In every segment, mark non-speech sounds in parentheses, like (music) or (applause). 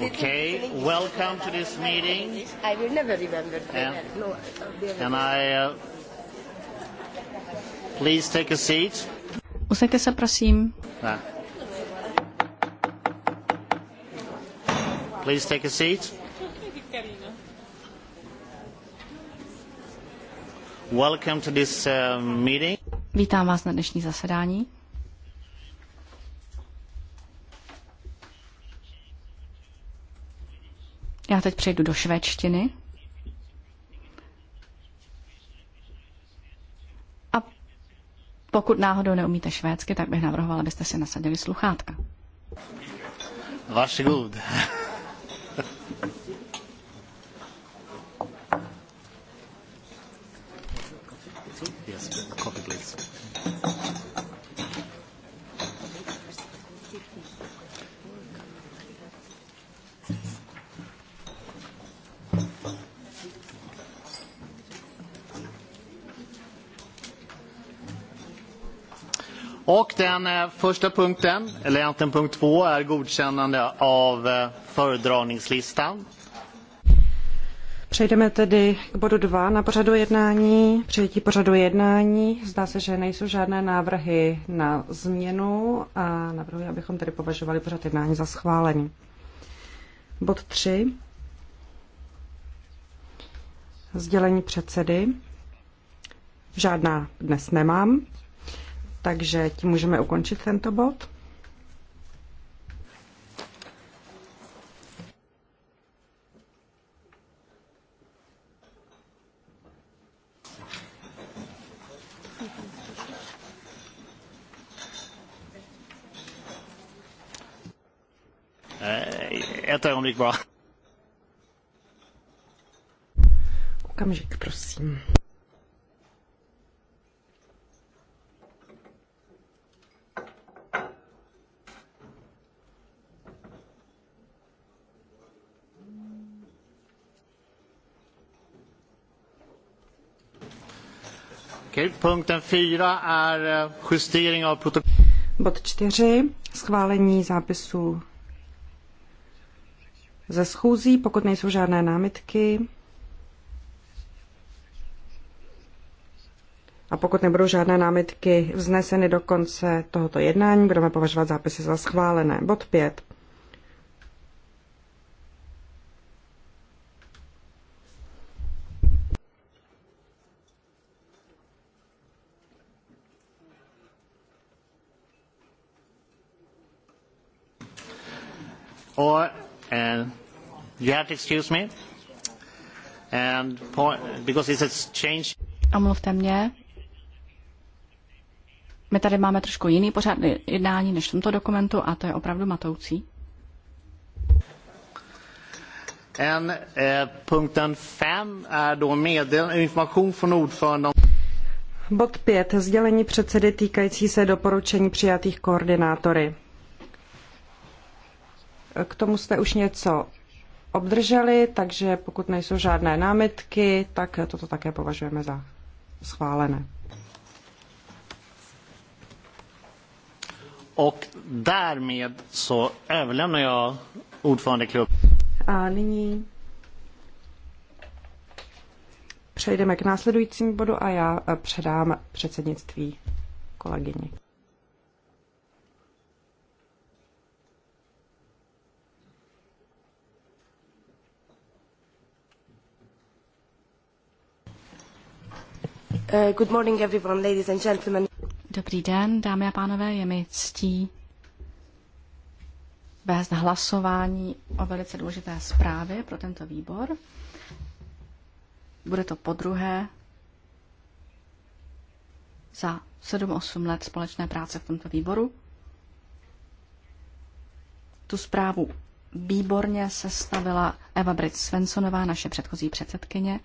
Okay, welcome to this meeting. I will never remember. Yeah. No, uh, Can I uh, please take a seat? Usaďte se, prosím. Ah. Please take a seat. Welcome to this uh, meeting. Vítám vás na dnešní zasedání. teď přejdu do švédštiny. A pokud náhodou neumíte švédsky, tak bych navrhovala, abyste si nasadili sluchátka. Vaše good. Och den eh, första punkten, eller egentligen punkt två, är godkännande av eh, föredragningslistan. Přejdeme tedy k bodu 2 na pořadu jednání. Přijetí pořadu jednání. Zdá se, že nejsou žádné návrhy na změnu a navrhuji, abychom tedy považovali pořad jednání za schválený. Bod 3. Sdělení předsedy. Žádná dnes nemám. Takže tím můžeme ukončit tento bod. Ett ögonblick bara. Okamžik, prosím. Okej, 4 eh, justering av protokoll. Bod 4. Schválení zápisu ze schůzí, pokud nejsou žádné námitky. A pokud nebudou žádné námitky vzneseny do konce tohoto jednání, budeme považovat zápisy za schválené. Bod 5. or and you have to excuse me and point, because it's a change. Omluvte mě. My tady máme trošku jiný pořád jednání než v tomto dokumentu a to je opravdu matoucí. and eh, punkten 5 är er då meddel, information från ordföranden Bod 5. Sdělení předsedy týkající se doporučení přijatých koordinátory. K tomu jste už něco obdrželi, takže pokud nejsou žádné námitky, tak toto také považujeme za schválené. Och därmed så överlämnar jag ordförandeklubben. A nyní přejdeme k následujícímu bodu a já eh, předám předsednictví kolegyni. Eh, good morning everyone, ladies and gentlemen. Dobrý den, dámy a pánové, je mi ctí vést hlasování o velice důležité zprávě pro tento výbor. Bude to po druhé za 7-8 let společné práce v tomto výboru. Tu zprávu výborně sestavila Eva Brit Svensonová, naše předchozí předsedkyně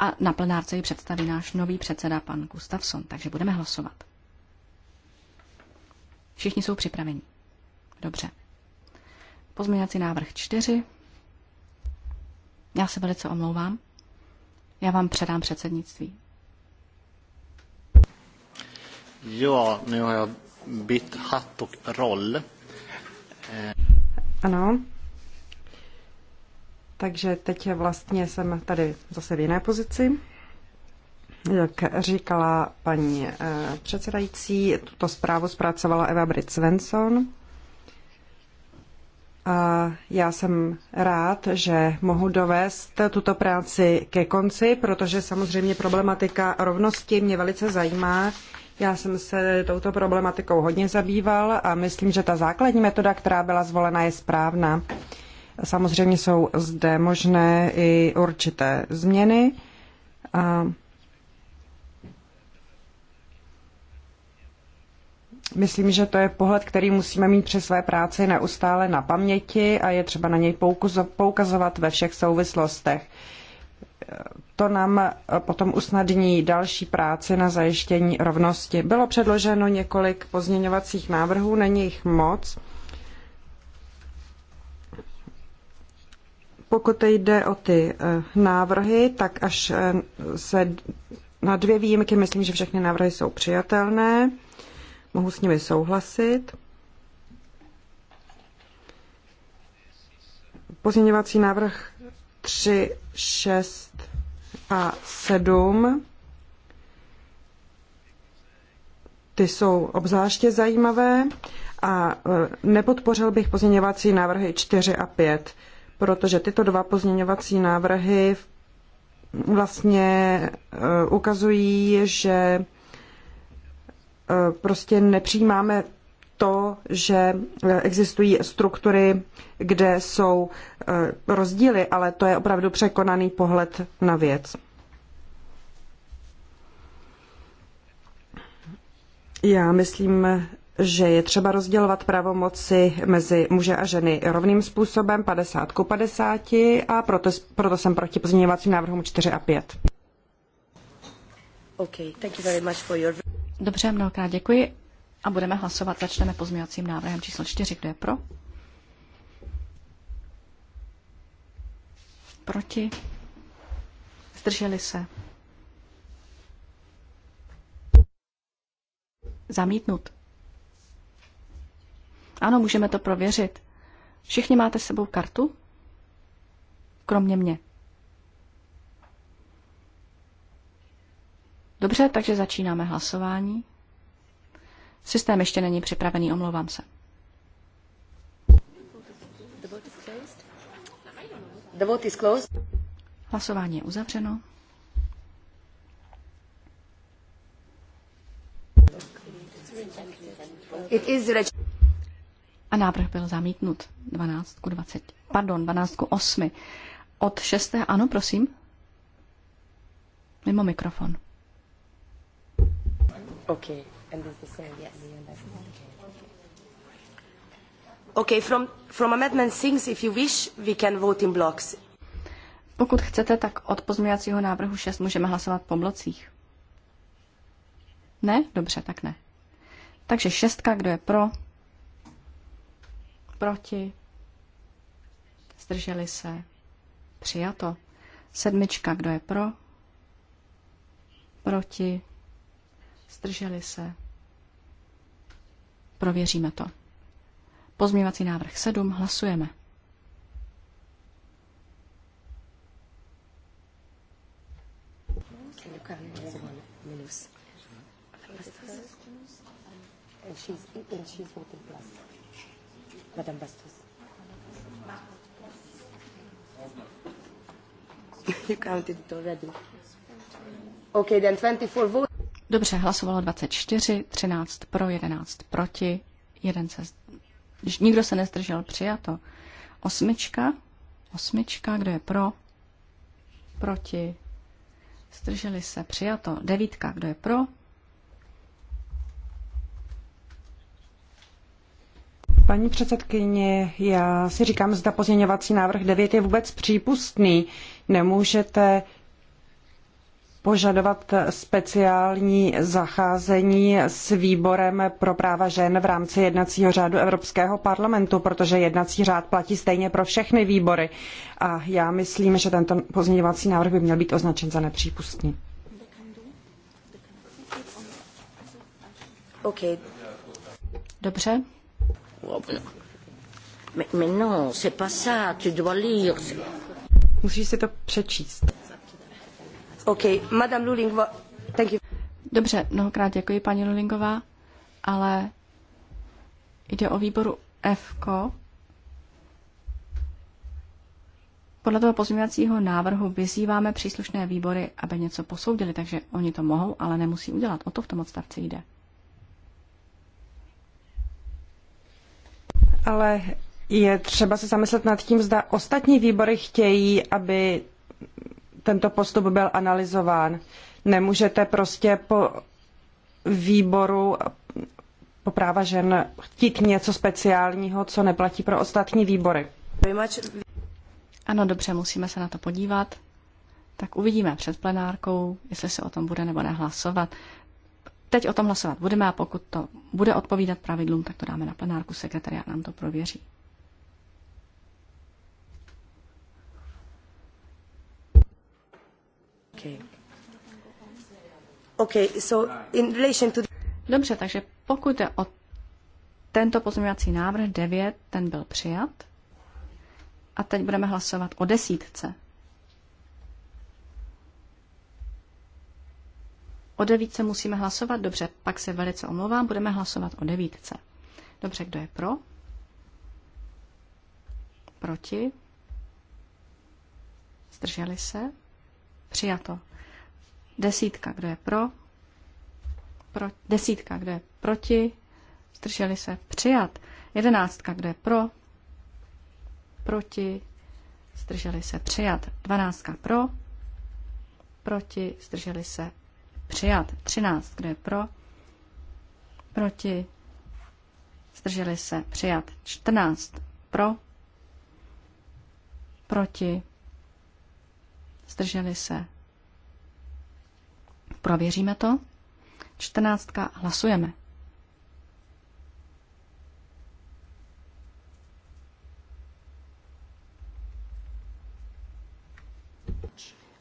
a na plenárce ji představí náš nový předseda, pan Gustafsson, takže budeme hlasovat. Všichni jsou připraveni. Dobře. Pozměňovací návrh 4. Já se velice omlouvám. Já vám předám předsednictví. Jo, nu har jag bytt hatt och roll. Ano, takže teď vlastně jsem tady zase v jiné pozici. Jak říkala paní eh, předsedající, tuto zprávu zpracovala Eva Brit Svensson. A já jsem rád, že mohu dovést tuto práci ke konci, protože samozřejmě problematika rovnosti mě velice zajímá. Já jsem se touto problematikou hodně zabýval a myslím, že ta základní metoda, která byla zvolena, je správná. Samozřejmě jsou zde možné i určité změny. A Myslím, že to je pohled, který musíme mít při své práci neustále na paměti a je třeba na něj poukazovat ve všech souvislostech. To nám potom usnadní další práci na zajištění rovnosti. Bylo předloženo několik pozměňovacích návrhů, není jich moc. Pokud jde o ty eh, návrhy, tak až eh, se na dvě výjimky myslím, že všechny návrhy jsou přijatelné. Mohu s nimi souhlasit. Pozměňovací návrh 3, 6 a 7. Ty jsou obzvláště zajímavé a eh, nepodpořil bych pozměňovací návrhy 4 a 5 protože tyto dva pozměňovací návrhy vlastně eh, ukazují, že eh, prostě nepřijímáme to, že eh, existují struktury, kde jsou rozdíly, ale to je opravdu překonaný pohled na věc. Já myslím, že je třeba rozdělovat pravomoci mezi muže a ženy rovným způsobem 50 ku 50 a proto, proto jsem proti pozměňovacím návrhům 4 a 5. Okay, thank you very much for your... Dobře, mnohokrát děkuji a budeme hlasovat. Začneme pozměňovacím návrhem číslo 4. Kdo je pro? Proti? Zdrželi se? Zamítnut. Ano, můžeme to prověřit. Všichni máte s sebou kartu? Kromě mě. Dobře, takže začínáme hlasování. Systém ještě není připravený, omlouvám se. The vote is closed. Hlasování je uzavřeno. It is a návrh byl zamítnut 12 ku 20, pardon, 12 ku 8. Od 6. ano, prosím. Mimo mikrofon. OK. And this is the same, yes. Okay, from, from amendment things, if you wish, we can vote in blocks. Pokud chcete, tak od pozměňovacího návrhu 6 můžeme hlasovat po blocích. Ne? Dobře, tak ne. Takže šestka, kdo je pro, Proti? Zdrželi se? Přijato. Sedmička, kdo je pro? Proti? Zdrželi se? Prověříme to. Pozměvací návrh sedm, hlasujeme. And she's, and she's voting plus. Madame Bastos. You counted it already. Okay, then 24 votes. Dobře, hlasovalo 24, 13 pro, 11 proti, jeden se, z... nikdo se nezdržel, přijato. Osmička, osmička, kdo je pro, proti, zdrželi se, přijato. Devítka, kdo je pro, Paní předsedkyně, já si říkám, zda pozměňovací návrh 9 je vůbec přípustný. Nemůžete požadovat speciální zacházení s výborem pro práva žen v rámci jednacího řádu Evropského parlamentu, protože jednací řád platí stejně pro všechny výbory. A já myslím, že tento pozměňovací návrh by měl být označen za nepřípustný. Okay. Dobře. Oh, mais non, c'est pas ça, tu dois lire. Musíš si to přečíst. OK, Madame thank you. Dobře, mnohokrát děkuji, paní Lulingová, ale jde o výboru FKO. Podle toho pozměňovacího návrhu vyzýváme příslušné výbory, aby něco posoudili, takže oni to mohou, ale nemusí udělat. O to v tom odstavci jde. ale je třeba se zamyslet nad tím, zda ostatní výbory chtějí, aby tento postup byl analyzován. Nemůžete prostě po výboru po práva žen chtít něco speciálního, co neplatí pro ostatní výbory. Ano, dobře, musíme se na to podívat. Tak uvidíme před plenárkou, jestli se o tom bude nebo nehlasovat. Teď o tom hlasovat budeme a pokud to bude odpovídat pravidlům, tak to dáme na plenárku, sekretariat nám to prověří. Okay. Okay, so in relation to... Dobře, takže pokud je o tento pozměňovací návrh 9, ten byl přijat. A teď budeme hlasovat o desítce. O devítce musíme hlasovat, dobře, pak se velice omlouvám, budeme hlasovat o devítce. Dobře, kdo je pro? Proti? Zdrželi se? Přijato. Desítka, kdo je pro? pro desítka, kdo je proti? Zdrželi se? Přijat. Jedenáctka, kdo je pro? Proti? Zdrželi se? Přijat. Dvanáctka pro? Proti? Zdrželi se? Přijat. 13. Kdo je pro? Proti? Zdrželi se. Přijat. 14. Pro? Proti? Zdrželi se. Prověříme to. 14. Hlasujeme.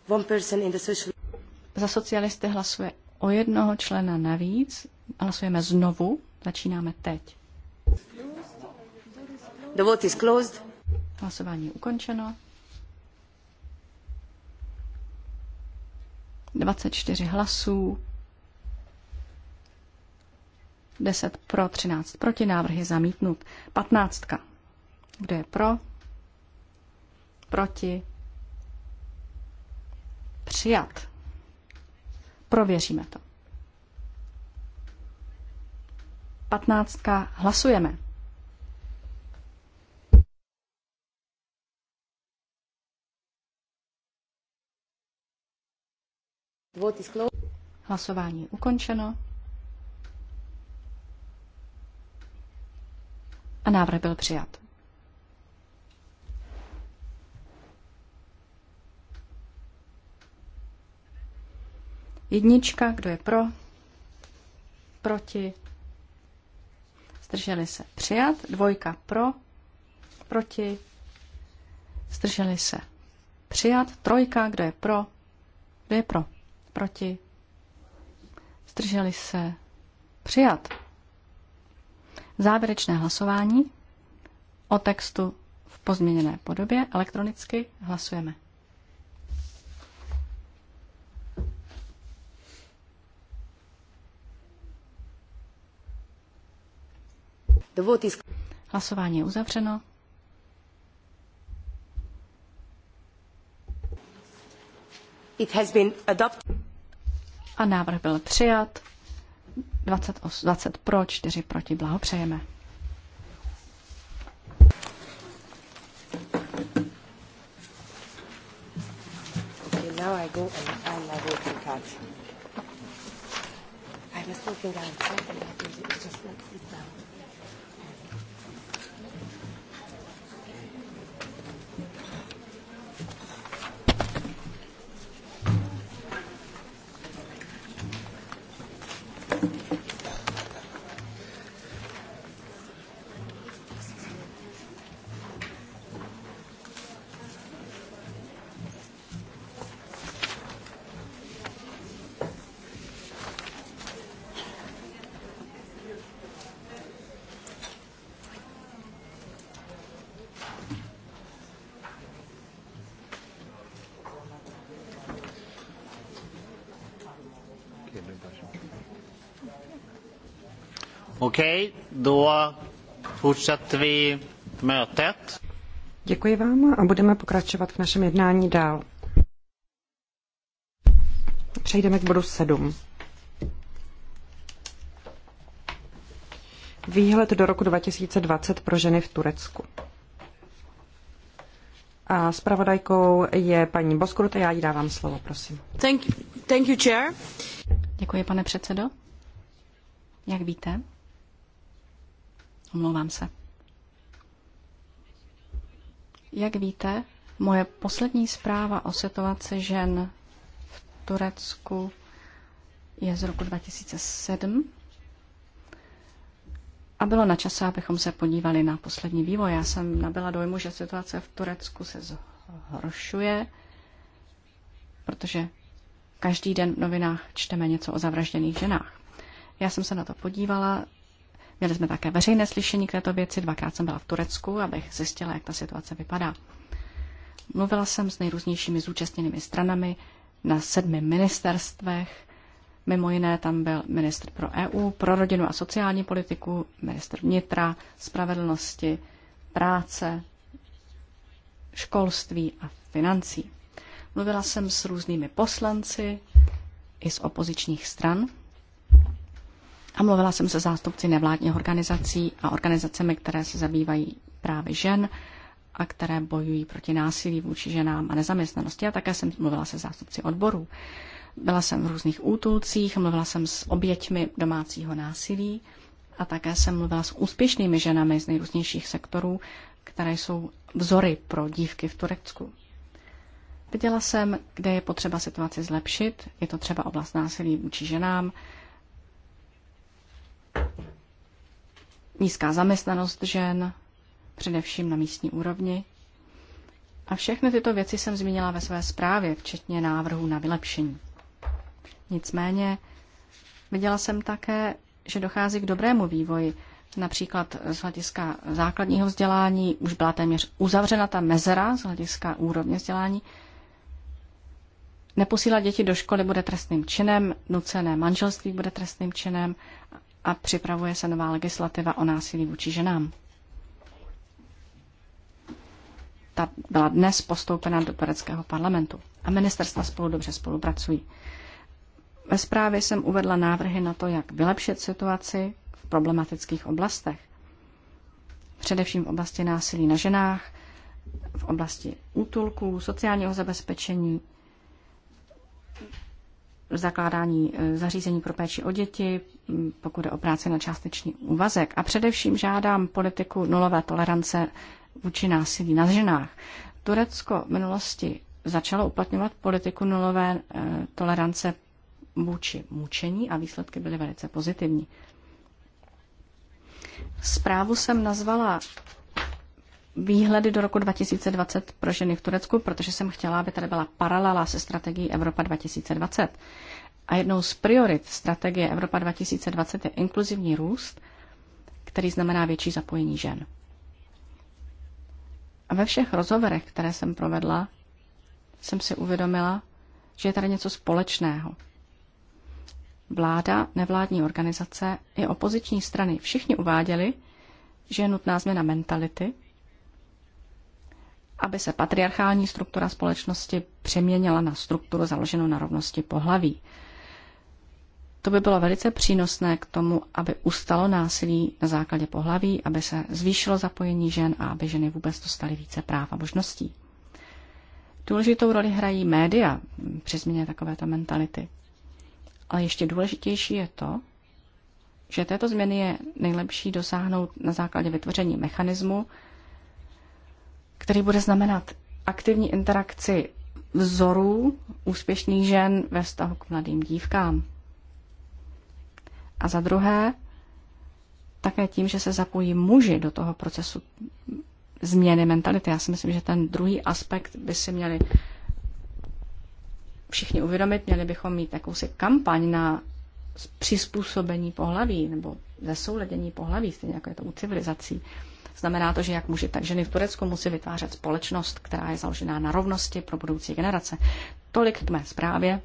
One person in the social... Za socialisty hlasuje o jednoho člena navíc. Hlasujeme znovu. Začínáme teď. The vote is closed. Hlasování je ukončeno. 24 hlasů, 10 pro, 13 proti, návrh je zamítnut. 15. Kdo je pro? Proti? Přijat. Prověříme to. Patnáctka. Hlasujeme. Hlasování ukončeno. A návrh byl přijat. Jednička, kdo je pro? Proti? Zdrželi se. Přijat. Dvojka pro? Proti? Zdrželi se. Přijat. Trojka, kdo je pro? Kdo je pro? Proti? Zdrželi se. Přijat. Závěrečné hlasování o textu v pozměněné podobě elektronicky hlasujeme. Hlasování je uzavřeno. It has been adopted. A návrh byl přijat. 20, 20 pro, 4 proti. Blahopřejeme. Okay, now I go and I'm my Okej, då fortsätter vi mötet. Děkuji vám a budeme pokračovat v našem jednání dál. Přejdeme k bodu 7. Výhled do roku 2020 pro ženy v Turecku. A zpravodajkou je paní Boskruta, já jí dávám slovo, prosím. Thank you, thank you, chair. Děkuji, pane předsedo. Jak víte, Omlouvám se. Jak víte, moje poslední zpráva o situaci žen v Turecku je z roku 2007 a bylo na čase, abychom se podívali na poslední vývoj. Já jsem nabyla dojmu, že situace v Turecku se zhoršuje, protože každý den v novinách čteme něco o zavražděných ženách. Já jsem se na to podívala, Měli jsme také veřejné slyšení k této věci. Dvakrát jsem byla v Turecku, abych zjistila, jak ta situace vypadá. Mluvila jsem s nejrůznějšími zúčastněnými stranami na sedmi ministerstvech. Mimo jiné tam byl ministr pro EU, pro rodinu a sociální politiku, ministr vnitra, spravedlnosti, práce, školství a financí. Mluvila jsem s různými poslanci i z opozičních stran, a mluvila jsem se zástupci nevládních organizací a organizacemi, které se zabývají právě žen a které bojují proti násilí vůči ženám a nezaměstnanosti. A také jsem mluvila se zástupci odborů. Byla jsem v různých útulcích, mluvila jsem s oběťmi domácího násilí a také jsem mluvila s úspěšnými ženami z nejrůznějších sektorů, které jsou vzory pro dívky v Turecku. Viděla jsem, kde je potřeba situaci zlepšit. Je to třeba oblast násilí vůči ženám, nízká zaměstnanost žen, především na místní úrovni. A všechny tyto věci jsem zmínila ve své zprávě, včetně návrhů na vylepšení. Nicméně viděla jsem také, že dochází k dobrému vývoji. Například z hlediska základního vzdělání už byla téměř uzavřena ta mezera z hlediska úrovně vzdělání. Neposílat děti do školy bude trestným činem, nucené manželství bude trestným činem a připravuje se nová legislativa o násilí vůči ženám. Ta byla dnes postoupena do tureckého parlamentu a ministerstva spolu dobře spolupracují. Ve zprávě jsem uvedla návrhy na to, jak vylepšit situaci v problematických oblastech. Především v oblasti násilí na ženách, v oblasti útulků, sociálního zabezpečení, zakládání eh, zařízení pro péči o děti, mm, pokud je o práci na částečný úvazek. A především žádám politiku nulové tolerance vůči násilí na ženách. Turecko v minulosti začalo uplatňovat politiku nulové eh, tolerance vůči mučení a výsledky byly velice pozitivní. Zprávu jsem nazvala výhledy do roku 2020 pro ženy v Turecku, protože jsem chtěla, aby tady byla paralela se strategií Evropa 2020. A jednou z priorit strategie Evropa 2020 je inkluzivní růst, který znamená větší zapojení žen. A ve všech rozhovorech, které jsem provedla, jsem si uvědomila, že je tady něco společného. Vláda, nevládní organizace i opoziční strany všichni uváděli, že je nutná změna mentality, aby se patriarchální struktura společnosti přeměnila na strukturu založenou na rovnosti pohlaví. To by bylo velice přínosné k tomu, aby ustalo násilí na základě pohlaví, aby se zvýšilo zapojení žen a aby ženy vůbec dostaly více práv a možností. Důležitou roli hrají média při změně takovéto mentality. Ale ještě důležitější je to, že této změny je nejlepší dosáhnout na základě vytvoření mechanismu, který bude znamenat aktivní interakci vzorů úspěšných žen ve vztahu k mladým dívkám. A za druhé, také tím, že se zapojí muži do toho procesu změny mentality. Já si myslím, že ten druhý aspekt by si měli všichni uvědomit, měli bychom mít jakousi kampaň na přizpůsobení pohlaví nebo zesouledění pohlaví, stejně jako je to u civilizací. Znamená to, že jak muži, tak ženy v Turecku musí vytvářet společnost, která je založená na rovnosti pro budoucí generace. Tolik k mé zprávě.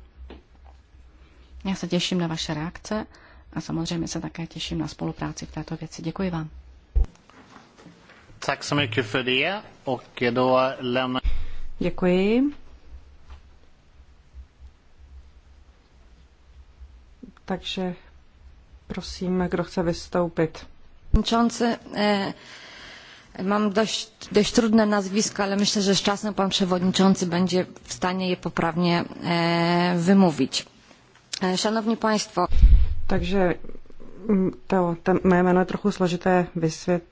Já se těším na vaše reakce a samozřejmě se také těším na spolupráci v této věci. Děkuji vám. Tak så Děkuji. Takže prosím, kdo chce vystoupit. Čance, eh... Mam dość, dość trudne nazwiska, ale myślę, że z czasem pan przewodniczący będzie w stanie je poprawnie e, wymówić. E, szanowni państwo. Takže mm, to, to moje jméno je trochu složité vysvět,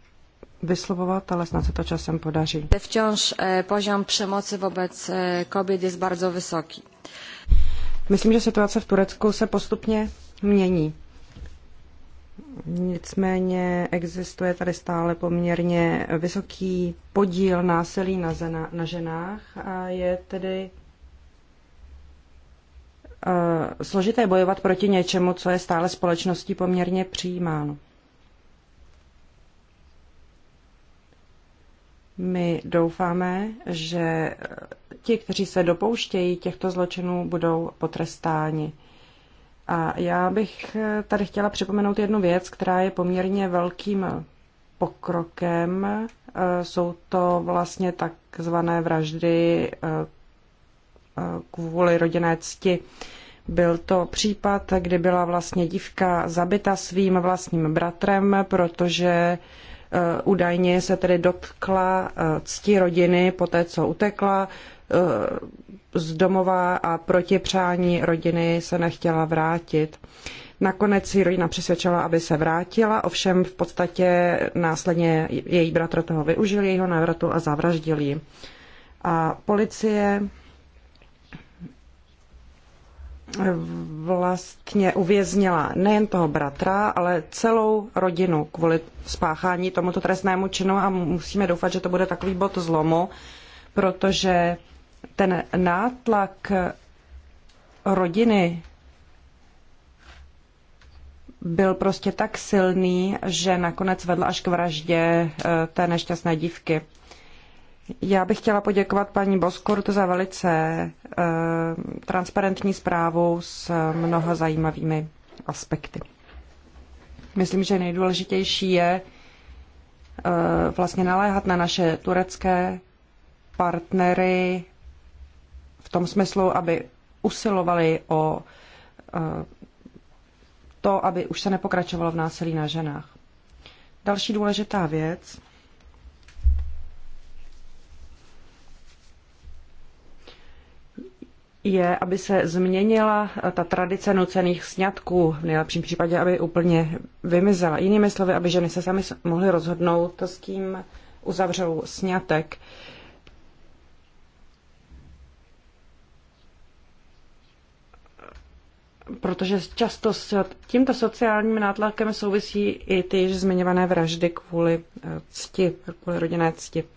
vyslovovat, ale snad se to časem podaří. Wciąż e, poziom przemocy wobec e, kobiet jest bardzo wysoki. Myslím, že situace v Turecku se postupně mění. Nicméně existuje tady stále poměrně vysoký podíl násilí na, zena, na ženách a je tedy uh, složité bojovat proti něčemu, co je stále společností poměrně přijímáno. My doufáme, že ti, kteří se dopouštějí těchto zločinů, budou potrestáni. A já bych tady chtěla připomenout jednu věc, která je poměrně velkým pokrokem. E, jsou to vlastně takzvané vraždy e, e, kvůli rodinné cti. Byl to případ, kdy byla vlastně dívka zabita svým vlastním bratrem, protože Eh, údajně se tedy dotkla eh, cti rodiny po té, co utekla eh, z domova a proti přání rodiny se nechtěla vrátit. Nakonec si rodina přesvědčila, aby se vrátila, ovšem v podstatě následně její bratr toho využil, jejího návratu a zavraždil ji. A policie vlastně uvěznila nejen toho bratra, ale celou rodinu kvůli spáchání tomuto trestnému činu a musíme doufat, že to bude takový bod zlomu, protože ten nátlak rodiny byl prostě tak silný, že nakonec vedl až k vraždě eh, té nešťastné dívky. Já bych chtěla poděkovat paní Boskurt za velice eh, transparentní zprávu s mnoha zajímavými aspekty. Myslím, že nejdůležitější je eh, vlastně naléhat na naše turecké partnery v tom smyslu, aby usilovali o eh, to, aby už se nepokračovalo v násilí na ženách. Další důležitá věc je, aby se změnila eh, ta tradice nucených sňatků, v nejlepším případě, aby úplně vymizela. Jinými slovy, aby ženy se sami mohly rozhodnout, to s kým uzavřou sňatek. Protože často s tímto sociálním nátlakem souvisí i ty již zmiňované vraždy kvůli eh, cti, kvůli rodinné cti. Uh,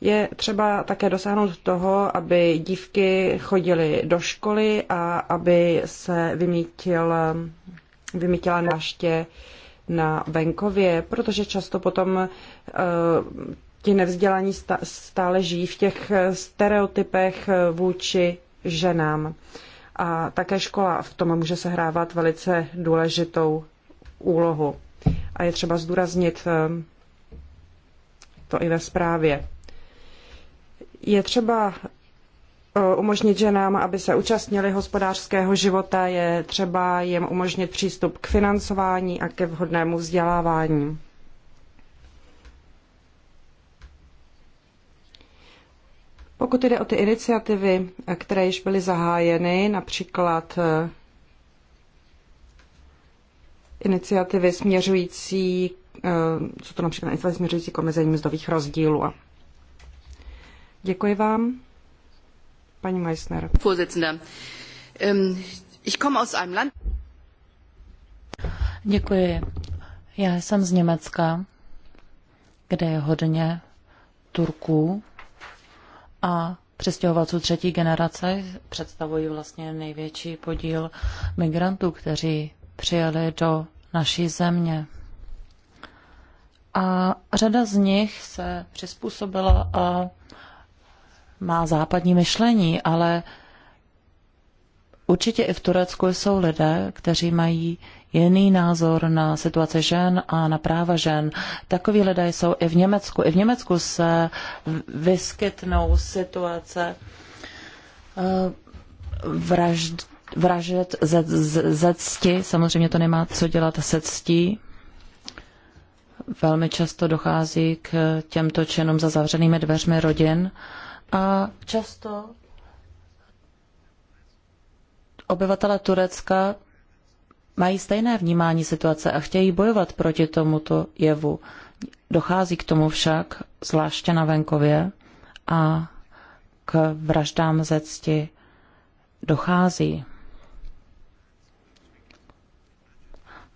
je třeba také dosáhnout toho, aby dívky chodily do školy a aby se vymítil, vymítila náště na venkově, protože často potom uh, ti nevzdělaní stále žijí v těch stereotypech eh, vůči ženám. A také škola v tom může sehrávat velice důležitou úlohu. A je třeba zdůraznit eh, to i ve zprávě. Je třeba eh, umožnit ženám, aby se účastnili hospodářského života, je třeba jim umožnit přístup k financování a ke vhodnému vzdělávání. Pokud jde o ty iniciativy, eh, které již byly zahájeny, například eh, iniciativy směřující, co to například iniciativy směřující k omezení mzdových rozdílů a Děkuji vám. Paní Meissner. Ähm, Děkuji. Já jsem z Německa, kde je hodně Turků a přestěhovalců třetí generace představují vlastně největší podíl migrantů, kteří přijeli do naší země. A řada z nich se přizpůsobila a má západní myšlení, ale určitě i v Turecku jsou lidé, kteří mají jiný názor na situaci žen a na práva žen. Takoví lidé jsou i v Německu. I v Německu se vyskytnou situace eh, vražd, vražet ze, ze, ze cti. Samozřejmě to nemá co dělat se ctí. Velmi často dochází k těmto činům za zavřenými dveřmi rodin. Uh, a často obyvatele Turecka mají stejné vnímání situace a chtějí bojovat proti tomuto jevu. Dochází k tomu však, zvláště na venkově, a k vraždám ze cti dochází.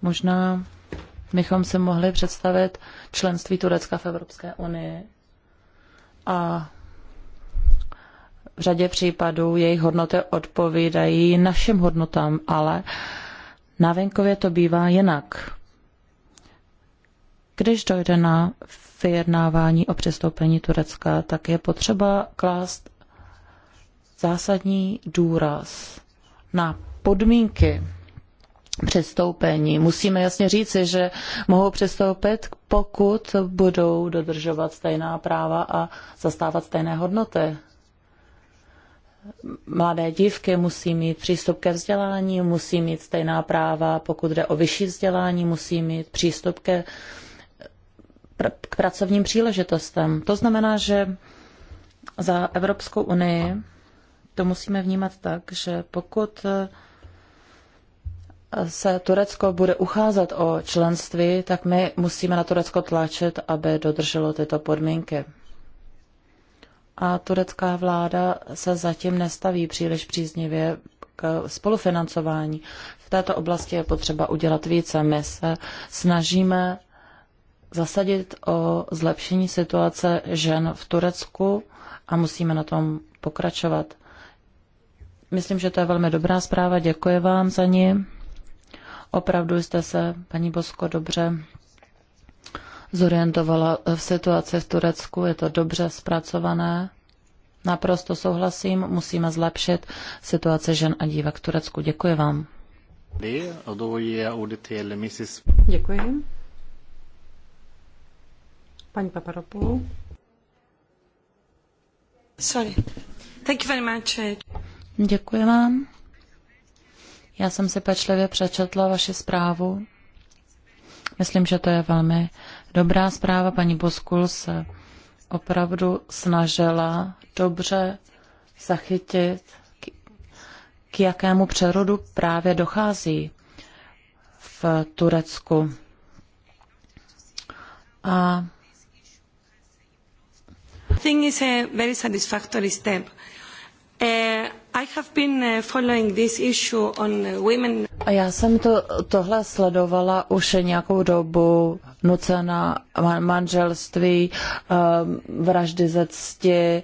Možná bychom si mohli představit členství Turecka v Evropské unii a v řadě případů jejich hodnoty odpovídají našim hodnotám, ale na venkově to bývá jinak. Když dojde na vyjednávání o přestoupení Turecka, tak je potřeba klást zásadní důraz na podmínky přestoupení. Musíme jasně říci, že mohou přestoupit, pokud budou dodržovat stejná práva a zastávat stejné hodnoty mladé dívky musí mít přístup ke vzdělání, musí mít stejná práva, pokud jde o vyšší vzdělání, musí mít přístup ke, pr- k pracovním příležitostem. To znamená, že za Evropskou unii to musíme vnímat tak, že pokud se Turecko bude ucházet o členství, tak my musíme na Turecko tlačit, aby dodrželo tyto podmínky a turecká vláda se zatím nestaví příliš příznivě k spolufinancování. V této oblasti je potřeba udělat více. My se snažíme zasadit o zlepšení situace žen v Turecku a musíme na tom pokračovat. Myslím, že to je velmi dobrá zpráva. Děkuji vám za ní. Opravdu jste se, paní Bosko, dobře zorientovala v situaci v Turecku. Je to dobře zpracované. Naprosto souhlasím, musíme zlepšit situaci žen a dívek v Turecku. Děkuji vám. Děkuji. Paní Paparopoulou. Sorry. Thank you very much. Děkuji vám. Já jsem si pečlivě přečetla vaši zprávu. Myslím, že to je velmi dobrá zpráva. Paní Boskul se opravdu snažila dobře zachytit, k jakému přerodu právě dochází v Turecku. A thing is a very satisfactory step. Uh, I have been uh, following this issue on women. A já jsem to, tohle sledovala už nějakou dobu nucená manželství, ehm, vraždy ze cti,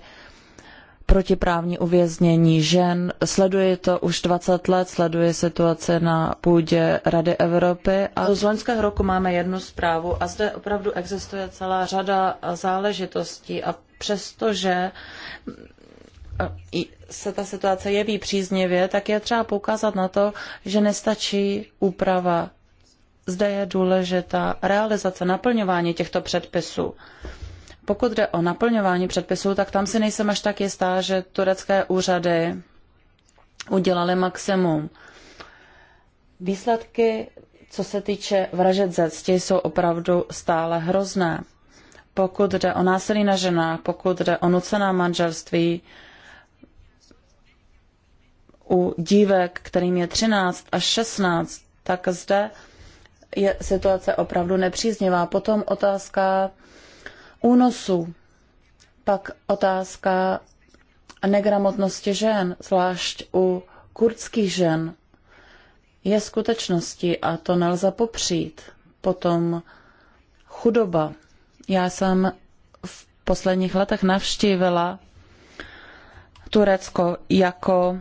protiprávní uvěznění žen. Sleduji to už 20 let, sleduji situaci na půdě Rady Evropy a z loňského roku máme jednu zprávu a zde opravdu existuje celá řada záležitostí a přestože mm, se ta situace jeví příznivě, tak je třeba poukázat na to, že nestačí úprava zde je důležitá realizace, naplňování těchto předpisů. Pokud jde o naplňování předpisů, tak tam si nejsem až tak jistá, že turecké úřady udělali maximum. Výsledky, co se týče vražet zecti, jsou opravdu stále hrozné. Pokud jde o násilí na ženách, pokud jde o nucená manželství, u dívek, kterým je 13 až 16, tak zde je situace opravdu nepříznivá. Potom otázka únosu, pak otázka negramotnosti žen, zvlášť u kurdských žen, je skutečností a to nelze popřít. Potom chudoba. Já jsem v posledních letech navštívila Turecko jako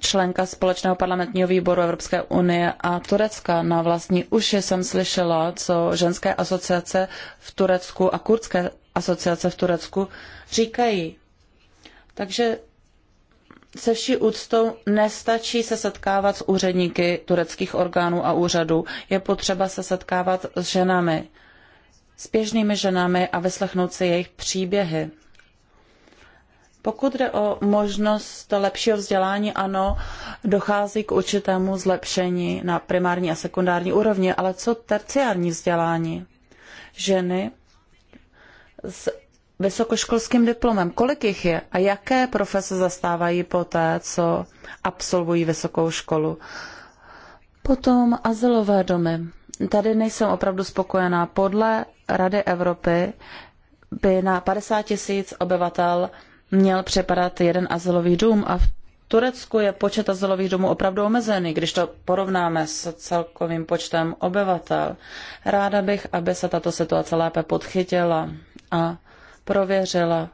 členka společného parlamentního výboru Evropské unie a Turecka. Na vlastní uši jsem slyšela, co ženské asociace v Turecku a kurdské asociace v Turecku říkají. Takže se vší úctou nestačí se setkávat s úředníky tureckých orgánů a úřadů. Je potřeba se setkávat s ženami, s běžnými ženami a vyslechnout si jejich příběhy. Pokud jde o možnost lepšího vzdělání, ano, dochází k určitému zlepšení na primární a sekundární úrovni, ale co terciární vzdělání? Ženy s vysokoškolským diplomem, kolik jich je a jaké profese zastávají poté, co absolvují vysokou školu? Potom azylové domy. Tady nejsem opravdu spokojená. Podle Rady Evropy by na 50 tisíc obyvatel měl přepadat jeden azylový dům a v Turecku je počet azylových domů opravdu omezený, když to porovnáme s celkovým počtem obyvatel. Ráda bych, aby se tato situace lépe podchytila a prověřila.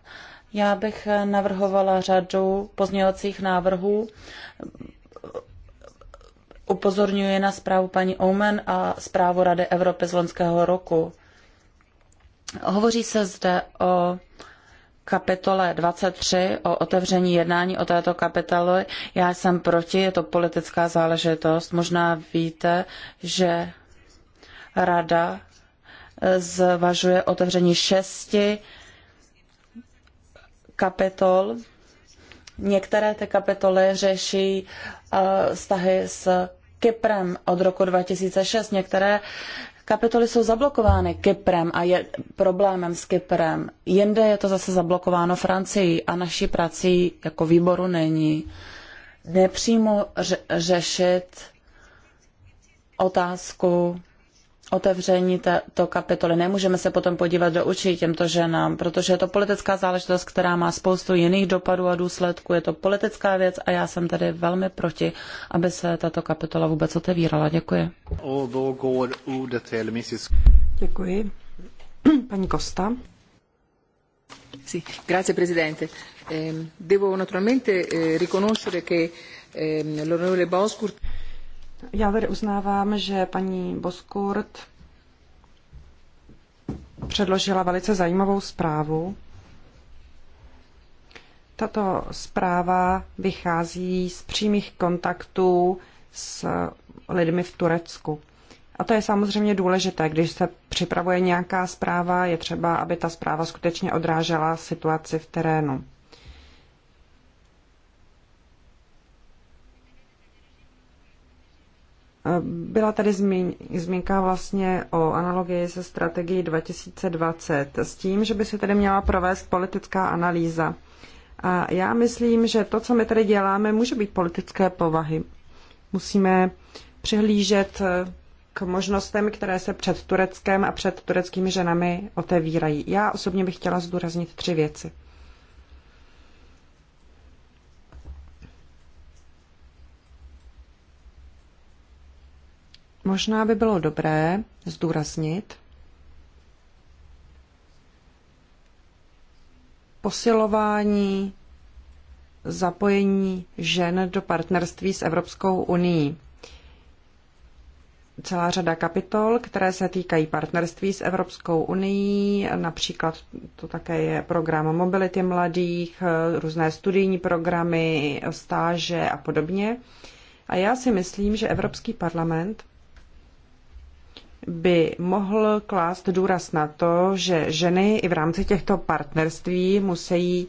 Já bych navrhovala řadu pozměňovacích návrhů. Upozorňuji na zprávu paní Omen a zprávu Rady Evropy z loňského roku. Hovoří se zde o kapitole 23 o otevření jednání o této kapitole. Já jsem proti, je to politická záležitost. Možná víte, že rada eh, zvažuje otevření šesti kapitol. Některé ty kapitoly řeší eh, vztahy s Kyprem od roku 2006, některé kapitoly jsou zablokovány Kyprem a je problémem s Kyprem. Jinde je to zase zablokováno Francií a naší prací jako výboru není nepřímo řešit otázku otevření této kapitoly. Nemůžeme se potom podívat do očí těmto ženám, protože je to politická záležitost, která má spoustu jiných dopadů a důsledků. Je to politická věc a já jsem tady velmi proti, aby se tato kapitola vůbec otevírala. Děkuji. Děkuji. Paní Kosta. Sì, grazie Presidente. Eh, devo naturalmente eh, riconoscere che eh, l'onorevole já tady uznávám, že paní Boskurt předložila velice zajímavou zprávu. Tato zpráva vychází z přímých kontaktů s lidmi v Turecku. A to je samozřejmě důležité, když se připravuje nějaká zpráva, je třeba, aby ta zpráva skutečně odrážela situaci v terénu. Byla tady zmínka vlastně o analogii se strategií 2020 s tím, že by se tedy měla provést politická analýza. A já myslím, že to, co my tady děláme, může být politické povahy. Musíme přihlížet eh, k možnostem, které se před Tureckem a před tureckými ženami otevírají. Já osobně bych chtěla zdůraznit tři věci. Možná by bylo dobré zdůraznit posilování zapojení žen do partnerství s Evropskou unii. Celá řada kapitol, které se týkají partnerství s Evropskou unii, například to také je program mobility mladých, různé studijní programy, stáže a podobně. A já si myslím, že Evropský parlament by mohl klást důraz na to, že ženy i v rámci těchto partnerství musí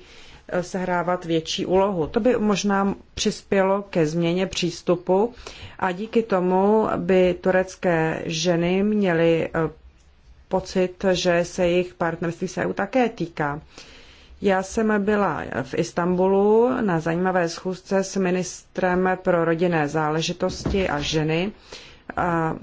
eh, sehrávat větší úlohu. To by možná přispělo ke změně přístupu a díky tomu by turecké ženy měly eh, pocit, že se jejich partnerství se EU také týká. Já jsem byla v Istanbulu na zajímavé schůzce s ministrem pro rodinné záležitosti a ženy. A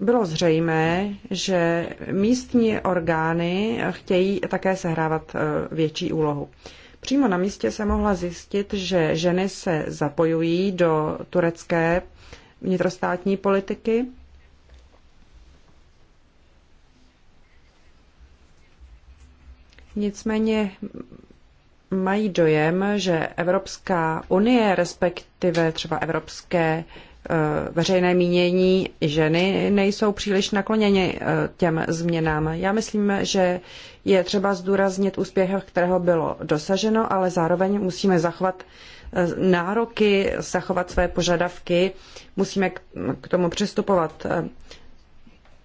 bylo zřejmé, že místní orgány chtějí také sehrávat e, větší úlohu. Přímo na místě se mohla zjistit, že ženy se zapojují do turecké vnitrostátní politiky. Nicméně mají dojem, že Evropská unie, respektive třeba evropské Eh, veřejné mínění ženy nejsou příliš nakloněni eh, těm změnám. Já myslím, že je třeba zdůraznit úspěch, kterého bylo dosaženo, ale zároveň musíme zachovat eh, nároky, zachovat své požadavky, musíme k tomu přistupovat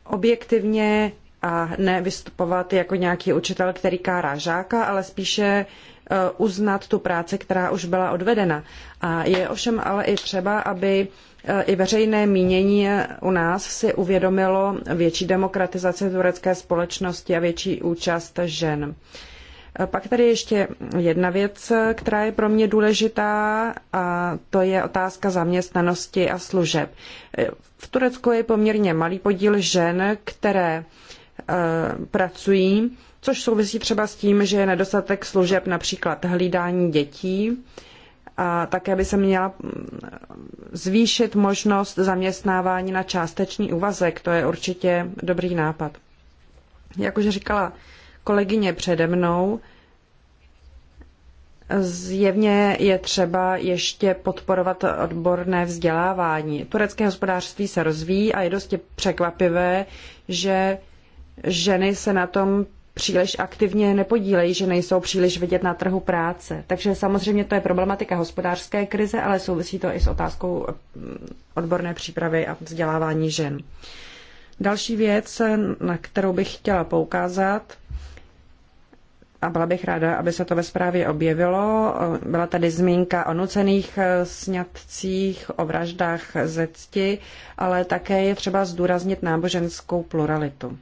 objektivně a nevystupovat jako nějaký učitel, který kárá žáka, ale spíše Eh, uznat tu práci, která už byla odvedena. A je ovšem ale i třeba, aby eh, i veřejné mínění u nás si uvědomilo větší demokratizaci turecké společnosti a větší účast žen. Eh, pak tady ještě jedna věc, která je pro mě důležitá, a to je otázka zaměstnanosti a služeb. V Turecku je poměrně malý podíl žen, které pracují což souvisí třeba s tím, že je nedostatek služeb například hlídání dětí a také by se měla mm, zvýšit možnost zaměstnávání na částečný úvazek. To je určitě dobrý nápad. Jak už říkala kolegyně přede mnou, Zjevně je třeba ještě podporovat odborné vzdělávání. Turecké hospodářství se rozvíjí a je dosti překvapivé, že ženy se na tom příliš aktivně nepodílejí, že nejsou příliš vidět na trhu práce. Takže samozřejmě to je problematika hospodářské krize, ale souvisí to i s otázkou mm, odborné přípravy a vzdělávání žen. Další věc, na kterou bych chtěla poukázat, a byla bych ráda, aby se to ve zprávě objevilo. Byla tady zmínka o nucených eh, sňatcích, o vraždách ze cti, ale také je třeba zdůraznit náboženskou pluralitu.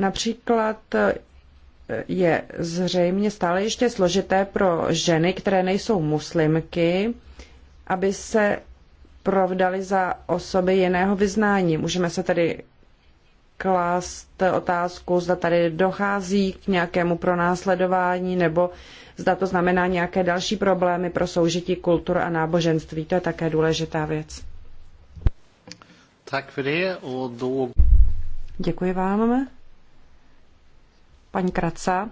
Například e, je zřejmě stále ještě složité pro ženy, které nejsou muslimky, aby se provdali za osoby jiného vyznání. Můžeme se tedy klást otázku, zda tady dochází k nějakému pronásledování nebo zda to znamená nějaké další problémy pro soužití kultur a náboženství. To je také důležitá věc. Tak Děkuji vám. Paní Kraca.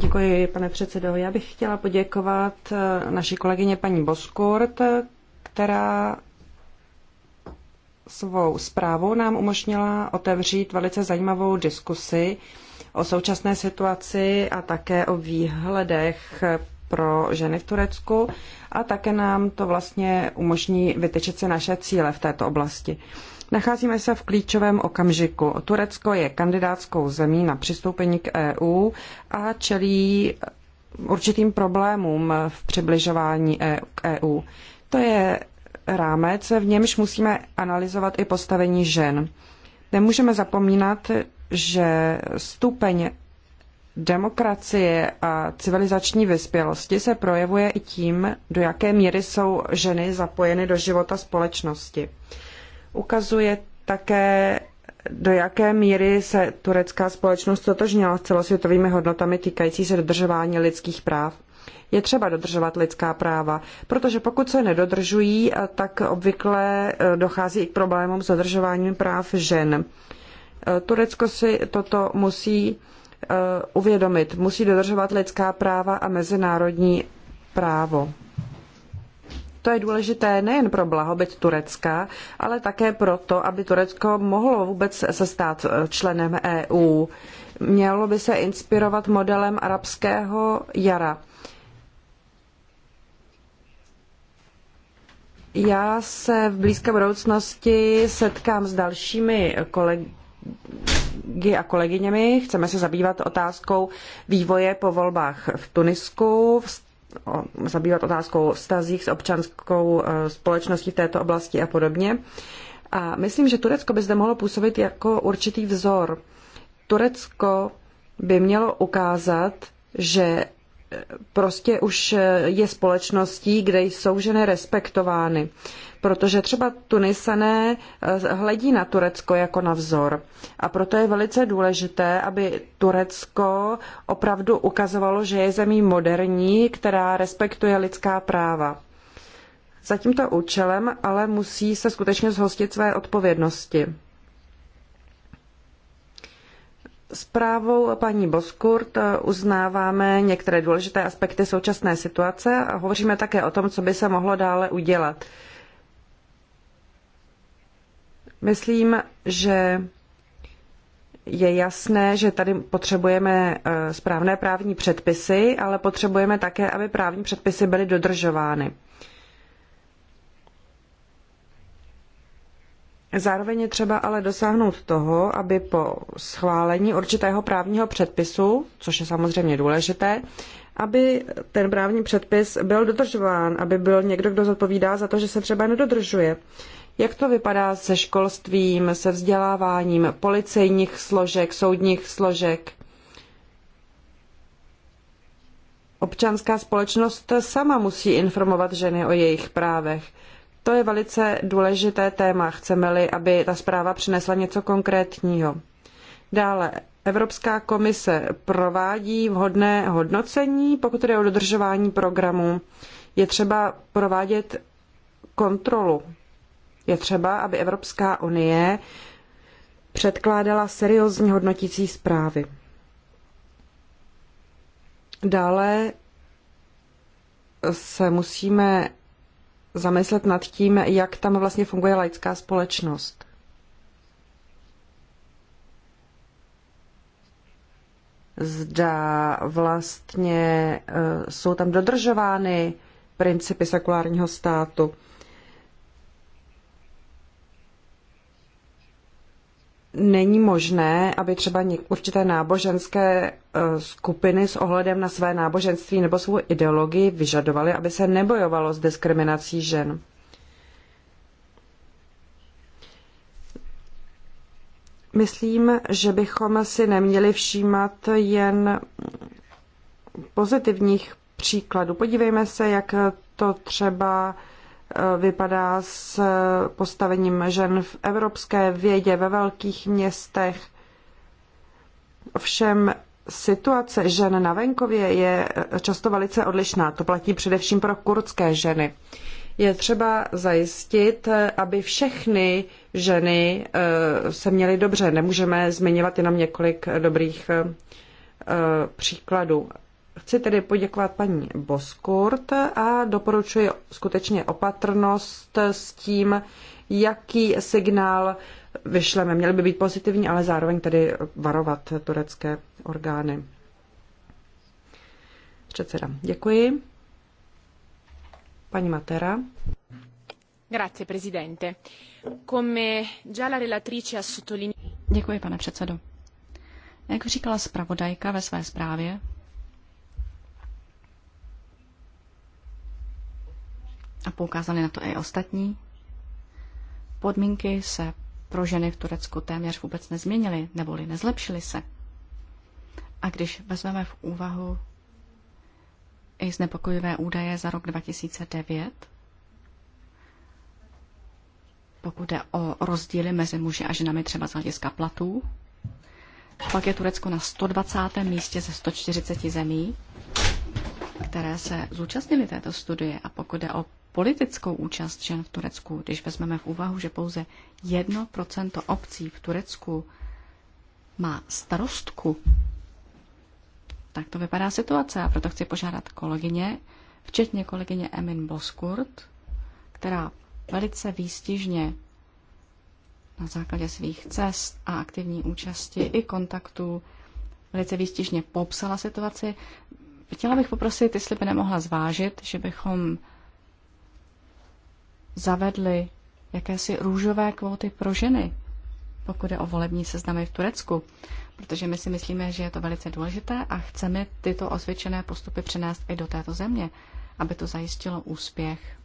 Děkuji, pane předsedo. Já bych chtěla poděkovat eh, naší kolegyně paní Boskurt, která svou zprávou nám umožnila otevřít velice zajímavou diskusi o současné situaci a také o výhledech pro ženy v Turecku a také nám to vlastně umožní vytečet se naše cíle v této oblasti. Nacházíme se v klíčovém okamžiku. Turecko je kandidátskou zemí na přistoupení k EU a čelí určitým problémům v přibližování e k EU. To je rámec, v němž musíme analyzovat i postavení žen. Nemůžeme zapomínat, že stupeň demokracie a civilizační vyspělosti se projevuje i tím, do jaké míry jsou ženy zapojeny do života společnosti. Ukazuje také, do jaké míry se turecká společnost totožnila s celosvětovými hodnotami týkající se dodržování lidských práv. Je třeba dodržovat lidská práva, protože pokud se nedodržují, tak obvykle eh, dochází i k problémům s dodržováním práv žen. Eh, Turecko si toto musí Eh, uvědomit. Musí dodržovat lidská práva a mezinárodní právo. To je důležité nejen pro blahobyt Turecka, ale také proto, aby Turecko mohlo vůbec se stát eh, členem EU. Mělo by se inspirovat modelem arabského jara. Já se v blízké budoucnosti setkám s dalšími kolegy kolegy a kolegyněmi. Chceme se zabývat otázkou vývoje po volbách v Tunisku, zabývat otázkou vztazích s občanskou e, společností v této oblasti a podobně. A myslím, že Turecko by zde mohlo působit jako určitý vzor. Turecko by mělo ukázat, že prostě už eh, je společností, kde jsou ženy respektovány. Protože třeba Tunisané eh, hledí na Turecko jako na vzor. A proto je velice důležité, aby Turecko opravdu ukazovalo, že je zemí moderní, která respektuje lidská práva. Za tímto účelem ale musí se skutečně zhostit své odpovědnosti. Zprávou paní Boskurt eh, uznáváme některé důležité aspekty současné situace a hovoříme také o tom, co by se mohlo dále udělat. Myslím, že je jasné, že tady potřebujeme eh, správné právní předpisy, ale potřebujeme také, aby právní předpisy byly dodržovány. Zároveň je třeba ale dosáhnout toho, aby po schválení určitého právního předpisu, což je samozřejmě důležité, aby ten právní předpis byl dodržován, aby byl někdo, kdo zodpovídá za to, že se třeba nedodržuje. Jak to vypadá se školstvím, se vzděláváním policejních složek, soudních složek? Občanská společnost sama musí informovat ženy o jejich právech. To je velice důležité téma, chceme-li, aby ta zpráva přinesla něco konkrétního. Dále, Evropská komise provádí vhodné hodnocení, pokud jde o dodržování programu. Je třeba provádět kontrolu. Je třeba, aby Evropská unie předkládala seriózní hodnotící zprávy. Dále se musíme zamyslet nad tím, jak tam vlastně funguje laická společnost. Zda vlastně eh, jsou tam dodržovány principy sekulárního státu. není možné, aby třeba určité náboženské e, skupiny s ohledem na své náboženství nebo svou ideologii vyžadovaly, aby se nebojovalo s diskriminací žen. Myslím, že bychom si neměli všímat jen pozitivních příkladů. Podívejme se, jak to třeba vypadá s postavením žen v evropské vědě ve velkých městech. Ovšem situace žen na venkově je často velice odlišná. To platí především pro kurdské ženy. Je třeba zajistit, aby všechny ženy eh, se měly dobře. Nemůžeme zmiňovat jenom několik dobrých eh, příkladů. Chci tedy poděkovat paní Boskurt a doporučuji skutečně opatrnost s tím, jaký signál vyšleme. Měl by být pozitivní, ale zároveň tedy varovat turecké orgány. Předseda, děkuji. Paní Matera. Grazie, presidente. Come già la relatrice ha sottolineato... Děkuji, pane předsedo. Jak říkala zpravodajka ve své zprávě, a poukázali na to i ostatní, podmínky se pro ženy v Turecku téměř vůbec nezměnily, neboli nezlepšily se. A když vezmeme v úvahu i znepokojivé údaje za rok 2009, pokud jde o rozdíly mezi muži a ženami třeba z hlediska platů, pak je Turecko na 120. místě ze 140 zemí, které se zúčastnily této studie. A pokud jde o politickou účast žen v Turecku, když vezmeme v úvahu, že pouze 1% obcí v Turecku má starostku, tak to vypadá situace. A proto chci požádat kolegyně, včetně kolegyně Emin Boskurt, která velice výstižně na základě svých cest a aktivní účasti i kontaktů velice výstižně popsala situaci. Chtěla bych poprosit, jestli by nemohla zvážit, že bychom zavedli jakési růžové kvóty pro ženy, pokud je o volební seznamy v Turecku, protože my si myslíme, že je to velice důležité a chceme tyto osvědčené postupy přenést i do této země, aby to zajistilo úspěch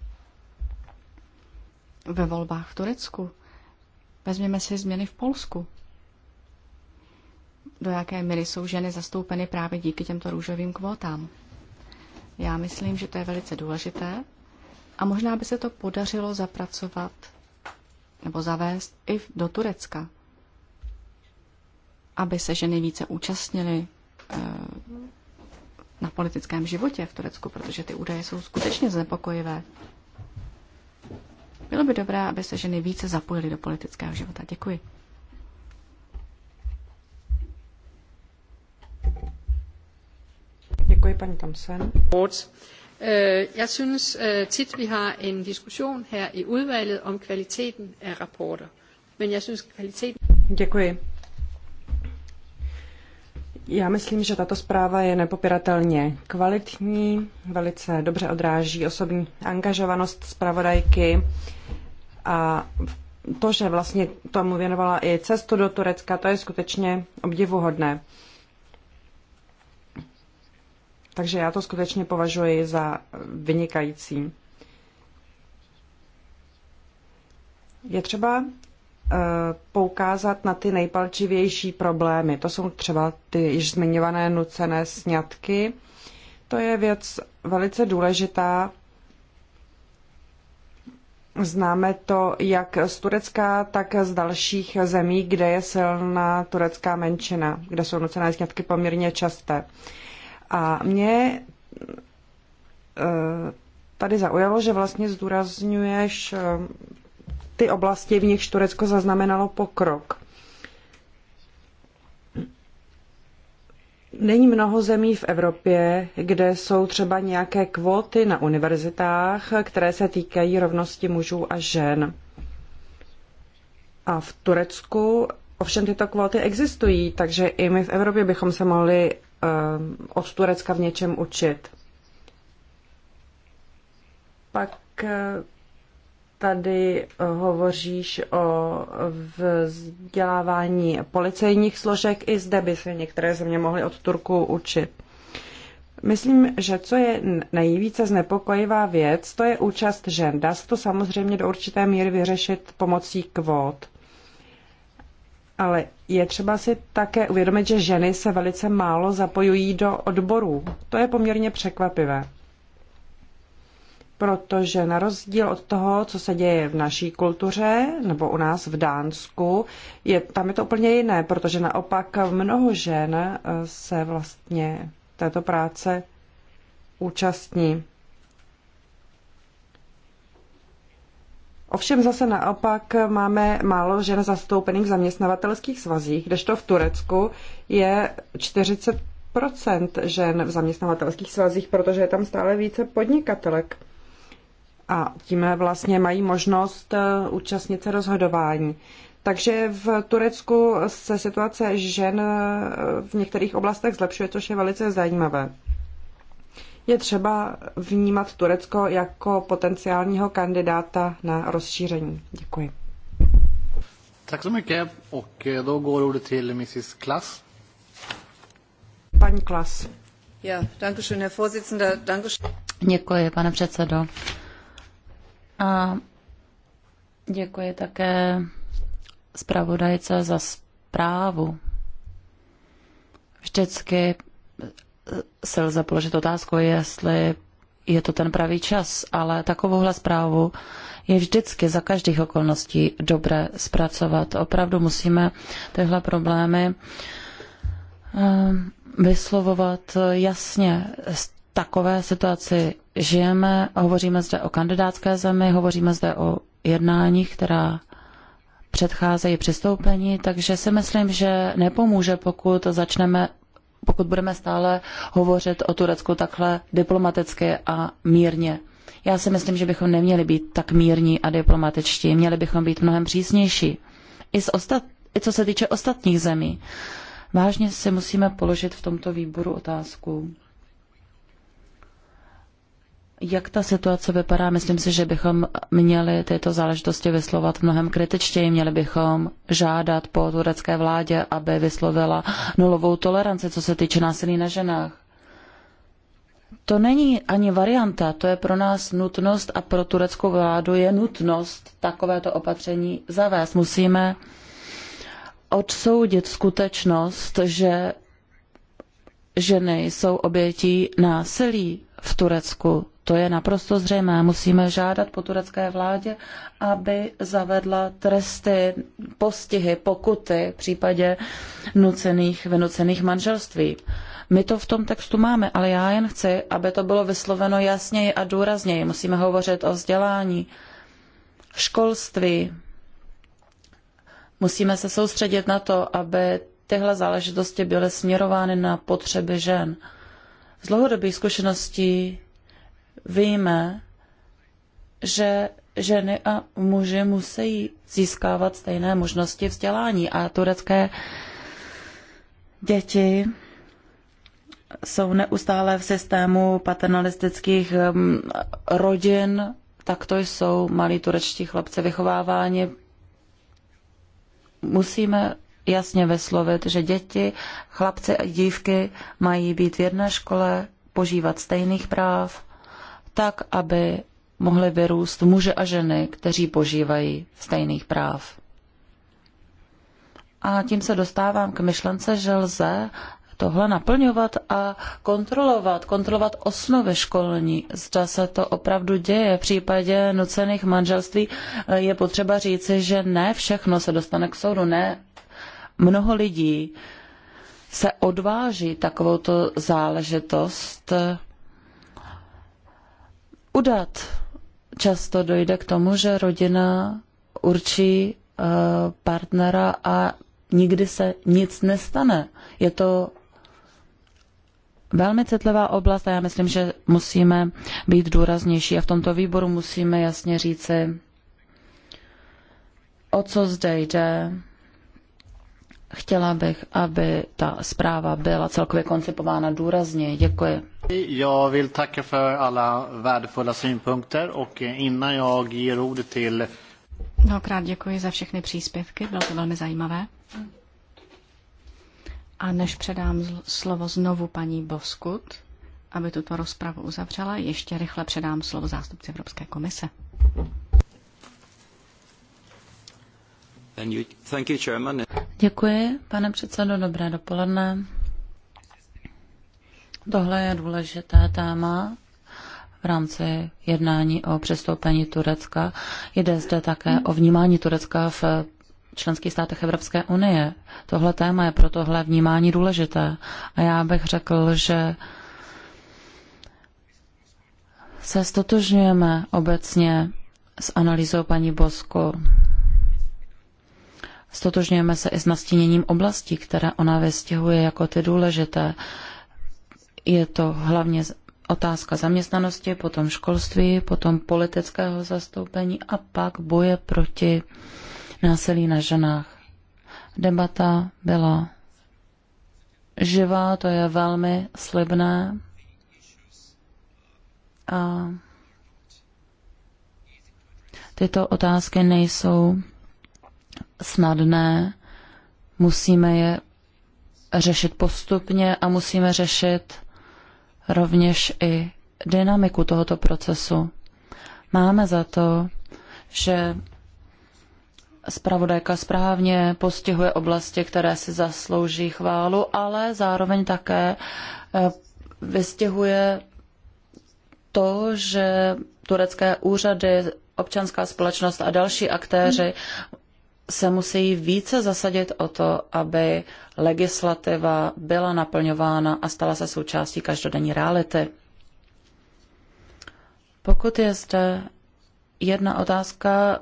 ve volbách v Turecku. Vezměme si změny v Polsku. Do jaké míry jsou ženy zastoupeny právě díky těmto růžovým kvótám? Já myslím, že to je velice důležité a možná by se to podařilo zapracovat nebo zavést i do Turecka, aby se ženy více účastnily eh, na politickém životě v Turecku, protože ty údaje jsou skutečně znepokojivé. Bylo by dobré, aby se ženy více zapojily do politického života. Děkuji. Děkuji, paní Thompson. Øh, jeg synes øh, tit, vi har en diskussion her i udvalget om kvaliteten af rapporter. Men jeg synes kvaliteten... Děkuji. Já myslím, že tato zpráva je nepopiratelně kvalitní, velice dobře odráží osobní angažovanost zpravodajky a to, že vlastně tomu věnovala i cestu do Turecka, to je skutečně obdivuhodné. Takže já to skutečně považuji za vynikající. Je třeba eh, poukázat na ty nejpalčivější problémy. To jsou třeba ty již zmiňované nucené sňatky. To je věc velice důležitá. Známe to jak z Turecka, tak z dalších zemí, kde je silná turecká menšina, kde jsou nucené sňatky poměrně časté. A mě eh, tady zaujalo, že vlastně zdůrazňuješ eh, ty oblasti, v nichž Turecko zaznamenalo pokrok. Není mnoho zemí v Evropě, kde jsou třeba nějaké kvóty na univerzitách, které se týkají rovnosti mužů a žen. A v Turecku ovšem tyto kvóty existují, takže i my v Evropě bychom se mohli Eh, od Turecka v něčem učit. Pak eh, tady eh, hovoříš o vzdělávání policejních složek. I zde by se některé země mohly od Turku učit. Myslím, že co je nejvíce znepokojivá věc, to je účast žen. Dá se to samozřejmě do určité míry vyřešit pomocí kvót. Ale je třeba si také uvědomit, že ženy se velice málo zapojují do odborů. To je poměrně překvapivé. Protože na rozdíl od toho, co se děje v naší kultuře nebo u nás v Dánsku, je, tam je to úplně jiné, protože naopak mnoho žen eh, se vlastně této práce účastní. Ovšem zase naopak máme málo žen zastoupených v zaměstnavatelských svazích, kdežto v Turecku je 40 žen v zaměstnavatelských svazích, protože je tam stále více podnikatelek. A tím vlastně mají možnost eh, účastnit se rozhodování. Takže v Turecku se situace žen eh, v některých oblastech zlepšuje, což je velice zajímavé je třeba vnímat Turecko jako potenciálního kandidáta na rozšíření. Děkuji. Tak så mycket. Och eh, då går ordet till Mrs. Klass. Paní Klass. Ja, danke schön, Herr Vorsitzender. Danke Děkuji, pane předsedo. A děkuji také zpravodajce za zprávu. Vždycky se lze položit otázku, jestli je to ten pravý čas, ale takovouhle zprávu je vždycky za každých okolností dobré zpracovat. Opravdu musíme tyhle problémy eh, vyslovovat jasně. Z takové situaci žijeme, hovoříme zde o kandidátské zemi, hovoříme zde o jednání, která předcházejí přistoupení, takže si myslím, že nepomůže, pokud začneme pokud budeme stále hovořit o Turecku takhle diplomaticky a mírně. Já si myslím, že bychom neměli být tak mírní a diplomatičtí, měli bychom být mnohem přísnější. I, z ostat, i co se týče ostatních zemí. Vážně si musíme položit v tomto výboru otázku, jak ta situace vypadá? Myslím si, že bychom měli tyto záležitosti vyslovat mnohem kritičtěji. Měli bychom žádat po turecké vládě, aby vyslovila nulovou toleranci, co se týče násilí na ženách. To není ani varianta, to je pro nás nutnost a pro tureckou vládu je nutnost takovéto opatření zavést. Musíme odsoudit skutečnost, že ženy jsou obětí násilí v Turecku to je naprosto zřejmé. Musíme žádat po turecké vládě, aby zavedla tresty, postihy, pokuty v případě nucených, vynucených manželství. My to v tom textu máme, ale já jen chci, aby to bylo vysloveno jasněji a důrazněji. Musíme hovořit o vzdělání, školství. Musíme se soustředit na to, aby tyhle záležitosti byly směrovány na potřeby žen. Z dlouhodobých zkušeností víme, že ženy a muži musí získávat stejné možnosti vzdělání a turecké děti jsou neustále v systému paternalistických um, rodin, tak to jsou malí turečtí chlapci vychováváni. Musíme jasně vyslovit, že děti, chlapci a dívky mají být v jedné škole, požívat stejných práv tak, aby mohli vyrůst muže a ženy, kteří požívají stejných práv. A tím se dostávám k myšlence, že lze tohle naplňovat a kontrolovat, kontrolovat osnovy školní. Zda se to opravdu děje. V případě nucených manželství eh, je potřeba říci, že ne všechno se dostane k soudu, ne mnoho lidí se odváží takovouto záležitost eh, udat. Často dojde k tomu, že rodina určí eh, partnera a nikdy se nic nestane. Je to velmi citlivá oblast a já myslím, že musíme být důraznější a v tomto výboru musíme jasně říci, o co zde jde, Chtěla bych, aby ta zpráva byla celkově koncipována důrazně. Děkuji. Jag vill tacka för alla värdefulla synpunkter och innan jag ger ordet till... Mnohokrát děkuji za všechny příspěvky, bylo to velmi zajímavé. A než předám slovo znovu paní Boskut, aby tuto rozpravu uzavřela, ještě rychle předám slovo zástupci Evropské komise. Thank you, Chairman. Děkuji, pane předsedo, dobré dopoledne. Tohle je důležité téma v rámci jednání o přestoupení Turecka. Jde zde také o vnímání Turecka v členských státech Evropské unie. Tohle téma je pro tohle vnímání důležité. A já bych řekl, že se stotožňujeme obecně s analýzou paní Bosko Stotožňujeme se i s nastíněním oblastí, které ona vystěhuje jako ty důležité. Je to hlavně otázka zaměstnanosti, potom školství, potom politického zastoupení a pak boje proti násilí na ženách. Debata byla živá, to je velmi slibné. A tyto otázky nejsou snadné, musíme je řešit postupně a musíme řešit rovněž i dynamiku tohoto procesu. Máme za to, že Spravodajka správně postihuje oblasti, které si zaslouží chválu, ale zároveň také eh, vystihuje to, že turecké úřady, občanská společnost a další aktéři se musí více zasadit o to, aby legislativa byla naplňována a stala se součástí každodenní reality. Pokud je zde jedna otázka,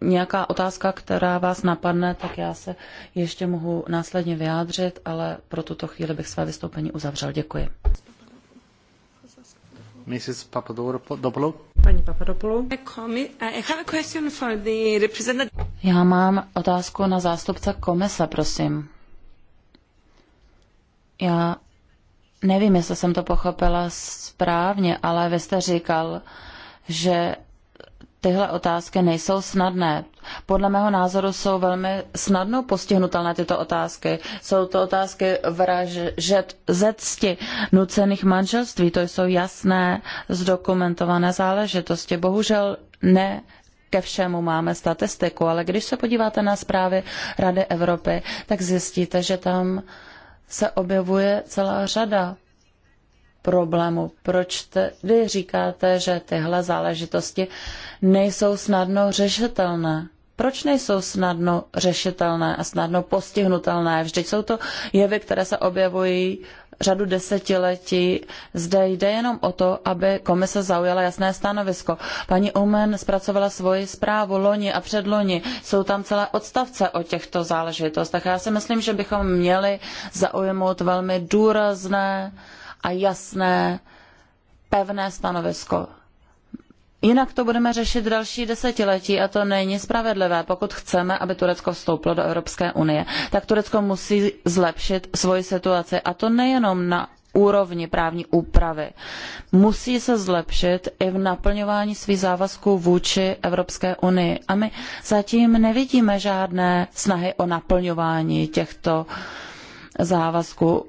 nějaká otázka, která vás napadne, tak já se ještě mohu následně vyjádřit, ale pro tuto chvíli bych své vystoupení uzavřel. Děkuji. Mrs. Papadopoulou. Paní Papadopoulou. Já mám otázku na zástupce komise, prosím. Já nevím, jestli jsem to pochopila správně, ale vy jste říkal, že tyhle otázky nejsou snadné podle mého názoru jsou velmi snadno postihnutelné tyto otázky. Jsou to otázky vražet ze cti nucených manželství. To jsou jasné zdokumentované záležitosti. Bohužel ne ke všemu máme statistiku, ale když se podíváte na zprávy Rady Evropy, tak zjistíte, že tam se objevuje celá řada problému. Proč tedy říkáte, že tyhle záležitosti nejsou snadno řešitelné? proč nejsou snadno řešitelné a snadno postihnutelné? Vždyť jsou to jevy, které se objevují řadu desetiletí. Zde jde jenom o to, aby komise zaujala jasné stanovisko. Paní Omen zpracovala svoji zprávu loni a předloni. Jsou tam celé odstavce o těchto záležitostech. Já si myslím, že bychom měli zaujmout velmi důrazné a jasné pevné stanovisko Jinak to budeme řešit další desetiletí a to není spravedlivé. Pokud chceme, aby Turecko vstoupilo do Evropské unie, tak Turecko musí zlepšit svoji situaci a to nejenom na úrovni právní úpravy. Musí se zlepšit i v naplňování svých závazků vůči Evropské unii. A my zatím nevidíme žádné snahy o naplňování těchto závazků.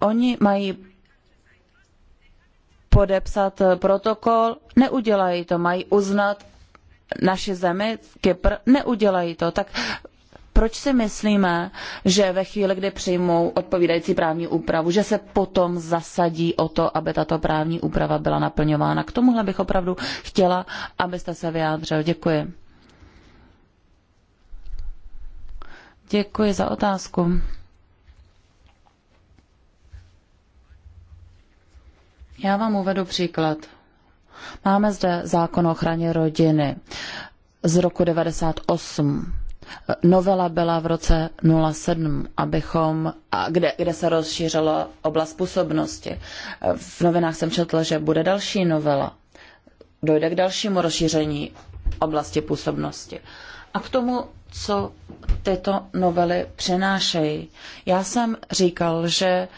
Oni mají podepsat eh, protokol, neudělají to, mají uznat naši zemi, Kypr, neudělají to. Tak proč si myslíme, že ve chvíli, kdy přijmou odpovídající právní úpravu, že se potom zasadí o to, aby tato právní úprava byla naplňována? K tomuhle bych opravdu chtěla, abyste se vyjádřil. Děkuji. Děkuji za otázku. Já vám uvedu příklad. Máme zde zákon o ochraně rodiny z roku 98. Novela byla v roce 07, abychom, a kde, kde se rozšířila oblast působnosti. V novinách jsem četla, že bude další novela. Dojde k dalšímu rozšíření oblasti působnosti. A k tomu, co tyto novely přinášejí. Já jsem říkal, že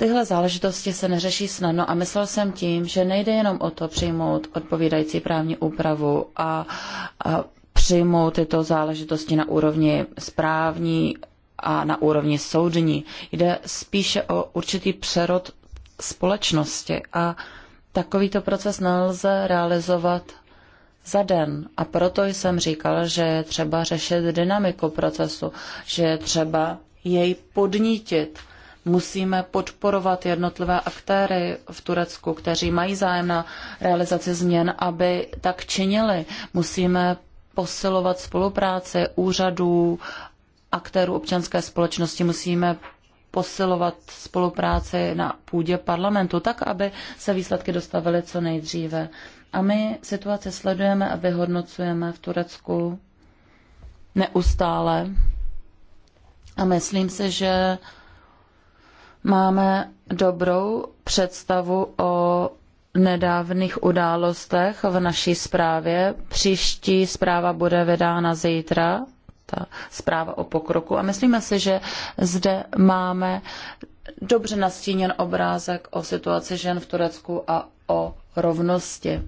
Tyhle záležitosti se neřeší snadno a myslel jsem tím, že nejde jenom o to přijmout odpovídající právní úpravu a, a přijmout tyto záležitosti na úrovni správní a na úrovni soudní. Jde spíše o určitý přerod společnosti a takovýto proces nelze realizovat za den. A proto jsem říkal, že je třeba řešit dynamiku procesu, že je třeba jej podnítit Musíme podporovat jednotlivé aktéry v Turecku, kteří mají zájem na realizaci změn, aby tak činili. Musíme posilovat spolupráci úřadů, aktérů občanské společnosti. Musíme posilovat spolupráci na půdě parlamentu, tak aby se výsledky dostavily co nejdříve. A my situaci sledujeme a vyhodnocujeme v Turecku neustále. A myslím si, že máme dobrou představu o nedávných událostech v naší zprávě. Příští zpráva bude vydána zítra, ta zpráva o pokroku. A myslíme si, že zde máme dobře nastíněn obrázek o situaci žen v Turecku a o rovnosti.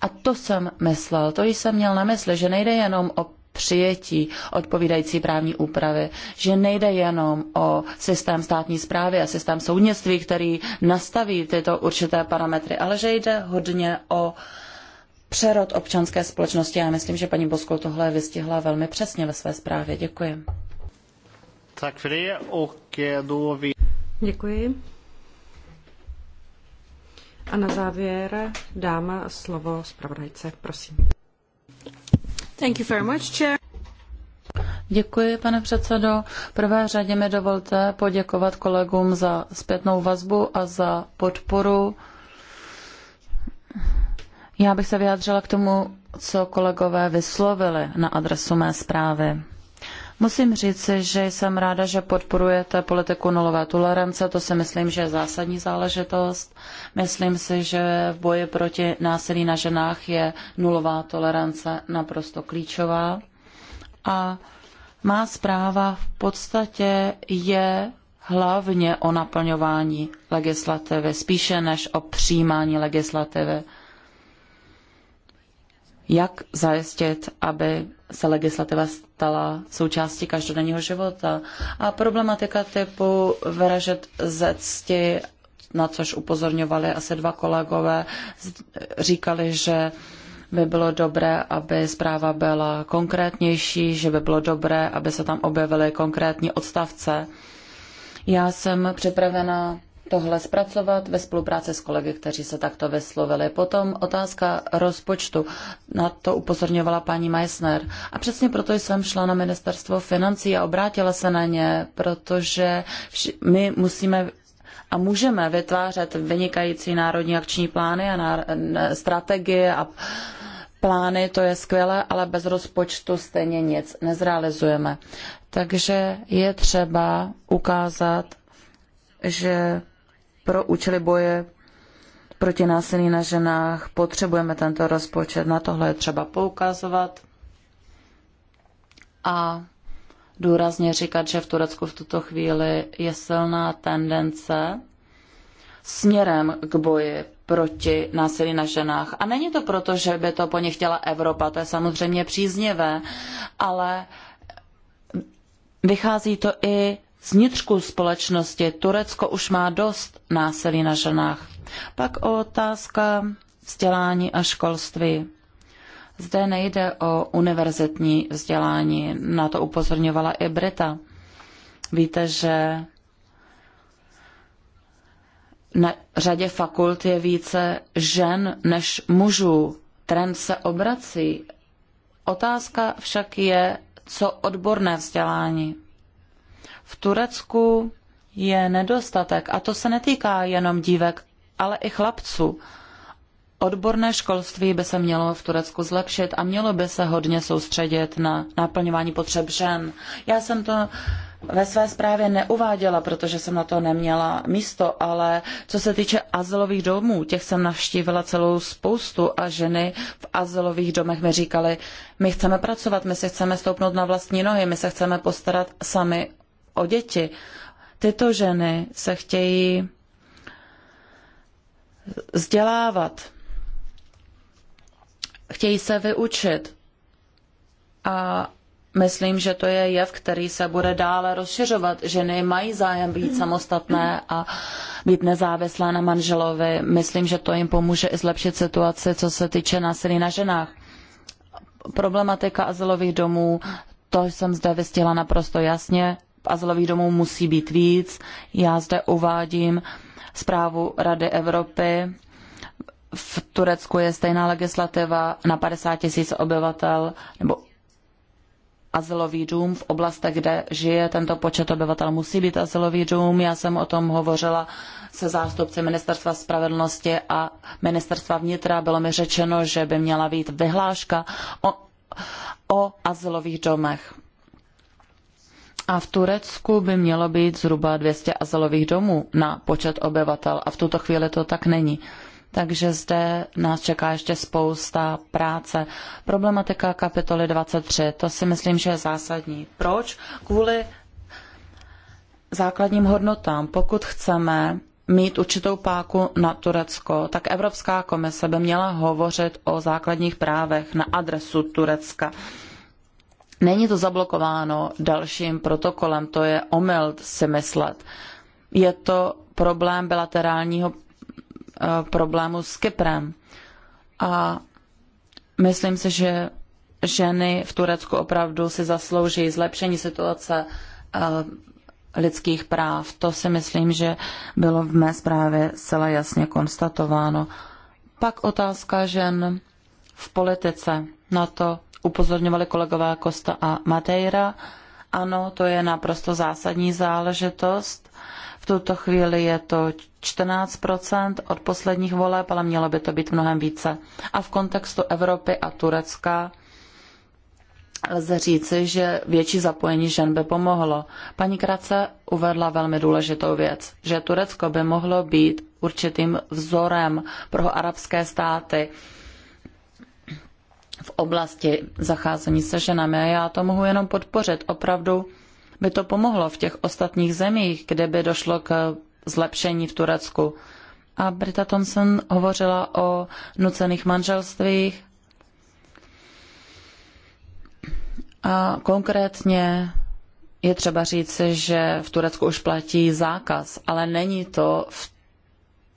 A to jsem myslel, to jsem měl na mysli, že nejde jenom o přijetí odpovídající právní úpravy, že nejde jenom o systém státní správy a systém soudnictví, který nastaví tyto určité parametry, ale že jde hodně o přerod občanské společnosti. Já myslím, že paní Bosko tohle vystihla velmi přesně ve své zprávě. Děkuji. Tak för eh, er Děkuji. A na závěr dáma slovo zpravodajce, prosím. Thank you very much, chair. Děkuji, pane předsedo. V prvé řadě mi dovolte poděkovat kolegům za zpětnou vazbu a za podporu. Já bych se vyjádřila k tomu, co kolegové vyslovili na adresu mé zprávy. Musím říct, že jsem ráda, že podporujete politiku nulové tolerance, to si myslím, že je zásadní záležitost. Myslím si, že v boji proti násilí na ženách je nulová tolerance naprosto klíčová. A má zpráva v podstatě je hlavně o naplňování legislativy, spíše než o přijímání legislativy. Jak zajistit, aby se legislativa stala součástí každodenního života. A problematika typu vyražet ze cti, na což upozorňovali asi dva kolegové, říkali, že by bylo dobré, aby zpráva byla konkrétnější, že by bylo dobré, aby se tam objevily konkrétní odstavce. Já jsem připravena tohle zpracovat ve spolupráci s kolegy, kteří se takto vyslovili. Potom otázka rozpočtu. Na to upozorňovala paní Meissner. A přesně proto jsem šla na ministerstvo financí a obrátila se na ně, protože my musíme a můžeme vytvářet vynikající národní akční plány a ná, strategie a plány, to je skvělé, ale bez rozpočtu stejně nic nezrealizujeme. Takže je třeba ukázat, že pro účely boje proti násilí na ženách potřebujeme tento rozpočet. Na tohle je třeba poukazovat a důrazně říkat, že v Turecku v tuto chvíli je silná tendence směrem k boji proti násilí na ženách. A není to proto, že by to po ně chtěla Evropa, to je samozřejmě příznivé, ale vychází to i vnitřku společnosti. Turecko už má dost násilí na ženách. Pak o otázka vzdělání a školství. Zde nejde o univerzitní vzdělání, na to upozorňovala i Brita. Víte, že na řadě fakult je více žen než mužů. Trend se obrací. Otázka však je, co odborné vzdělání. V Turecku je nedostatek, a to se netýká jenom dívek, ale i chlapců. Odborné školství by se mělo v Turecku zlepšit a mělo by se hodně soustředit na naplňování potřeb žen. Já jsem to ve své zprávě neuváděla, protože jsem na to neměla místo, ale co se týče azylových domů, těch jsem navštívila celou spoustu a ženy v azylových domech mi říkaly, my chceme pracovat, my se chceme stoupnout na vlastní nohy, my se chceme postarat sami o děti. Tyto ženy se chtějí vzdělávat, chtějí se vyučit a Myslím, že to je jev, který se bude dále rozšiřovat. Ženy mají zájem být samostatné a být nezávislé na manželovi. Myslím, že to jim pomůže i zlepšit situaci, co se týče násilí na ženách. Problematika azylových domů, to jsem zde vystihla naprosto jasně azylových domů musí být víc. Já zde uvádím zprávu Rady Evropy. V Turecku je stejná legislativa na 50 tisíc obyvatel nebo azylový dům v oblastech, kde žije tento počet obyvatel. Musí být azylový dům. Já jsem o tom hovořila se zástupci Ministerstva spravedlnosti a Ministerstva vnitra. Bylo mi řečeno, že by měla být vyhláška o, o azylových domech. A v Turecku by mělo být zhruba 200 azylových domů na počet obyvatel a v tuto chvíli to tak není. Takže zde nás čeká ještě spousta práce. Problematika kapitoly 23, to si myslím, že je zásadní. Proč? Kvůli základním hodnotám. Pokud chceme mít určitou páku na Turecko, tak Evropská komise by měla hovořit o základních právech na adresu Turecka. Není to zablokováno dalším protokolem, to je omyl si myslet. Je to problém bilaterálního eh, problému s Kyprem. A myslím si, že ženy v Turecku opravdu si zaslouží zlepšení situace eh, lidských práv. To si myslím, že bylo v mé zprávě zcela jasně konstatováno. Pak otázka žen v politice. Na to upozorňovali kolegové Costa a Madeira. Ano, to je naprosto zásadní záležitost. V tuto chvíli je to 14 od posledních voleb, ale mělo by to být mnohem více. A v kontextu Evropy a Turecka lze říci, že větší zapojení žen by pomohlo. Paní Krace uvedla velmi důležitou věc, že Turecko by mohlo být určitým vzorem pro arabské státy v oblasti zacházení se ženami a já to mohu jenom podpořit. Opravdu by to pomohlo v těch ostatních zemích, kde by došlo k zlepšení v Turecku. A Brita Thompson hovořila o nucených manželstvích a konkrétně je třeba říci, že v Turecku už platí zákaz, ale není to v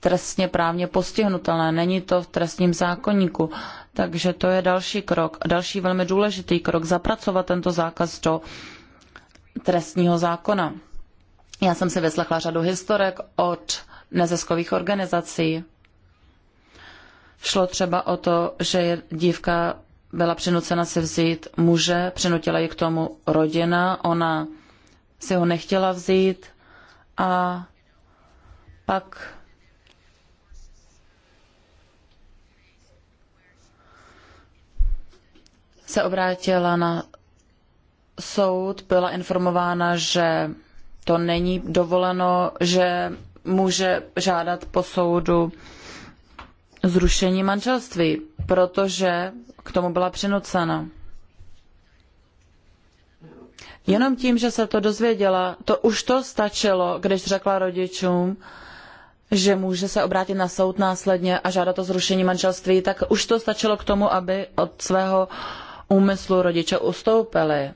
trestně právně postihnutelné, není to v trestním zákonníku. Takže to je další krok, další velmi důležitý krok, zapracovat tento zákaz do trestního zákona. Já jsem si vyslechla řadu historek od neziskových organizací. Šlo třeba o to, že dívka byla přinucena si vzít muže, přinutila ji k tomu rodina, ona si ho nechtěla vzít a pak se obrátila na soud, byla informována, že to není dovoleno, že může žádat po soudu zrušení manželství, protože k tomu byla přinucena. Jenom tím, že se to dozvěděla, to už to stačilo, když řekla rodičům, že může se obrátit na soud následně a žádat o zrušení manželství, tak už to stačilo k tomu, aby od svého uh, úmyslu rodiče ustoupili.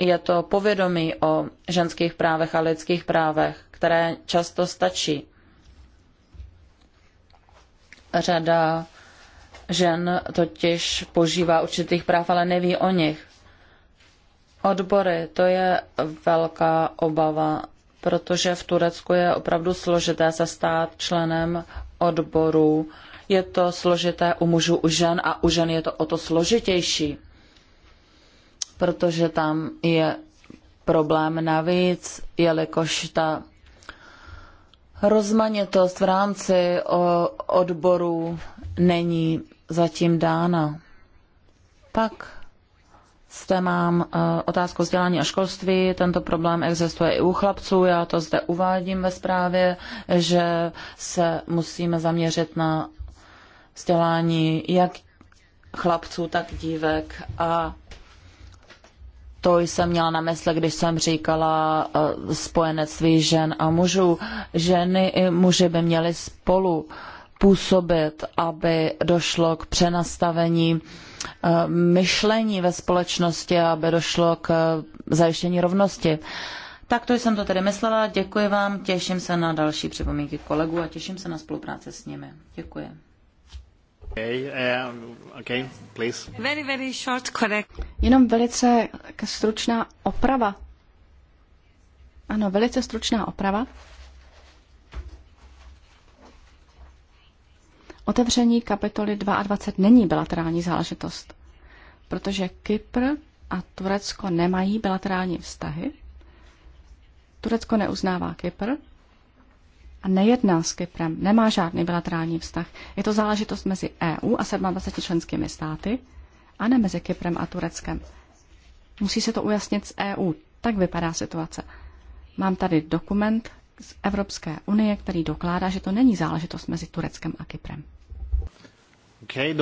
Je to povědomí o ženských právech a lidských právech, které často stačí. Řada žen totiž požívá určitých práv, ale neví o nich. Odbory, to je velká obava, protože v Turecku je opravdu složité se stát členem odboru. Je to složité u mužů, u žen a u žen je to o to složitější protože tam je problém navíc, jelikož ta rozmanitost v rámci odborů není zatím dána. Pak zde mám e, otázku vzdělání a školství. Tento problém existuje i u chlapců. Já to zde uvádím ve zprávě, že se musíme zaměřit na vzdělání jak chlapců, tak dívek a to jsem měla na mysli, když jsem říkala eh, spojenectví žen a mužů. Ženy i muži by měli spolu působit, aby došlo k přenastavení eh, myšlení ve společnosti, aby došlo k eh, zajištění rovnosti. Tak to jsem to tedy myslela. Děkuji vám, těším se na další připomínky kolegů a těším se na spolupráci s nimi. Děkuji. Okay, uh, okay, please. Very, very short correct. Jenom velice stručná oprava. Ano, velice stručná oprava. Otevření kapitoly 22 není bilaterální záležitost, protože Kypr a Turecko nemají bilaterální vztahy. Turecko neuznává Kypr a nejedná s Kyprem, nemá žádný bilaterální vztah. Je to záležitost mezi EU a 27 členskými státy a ne mezi Kyprem a Tureckem. Musí se to ujasnit z EU. Tak vypadá situace. Mám tady dokument z Evropské unie, který dokládá, že to není záležitost mezi Tureckem a Kyprem. Okay,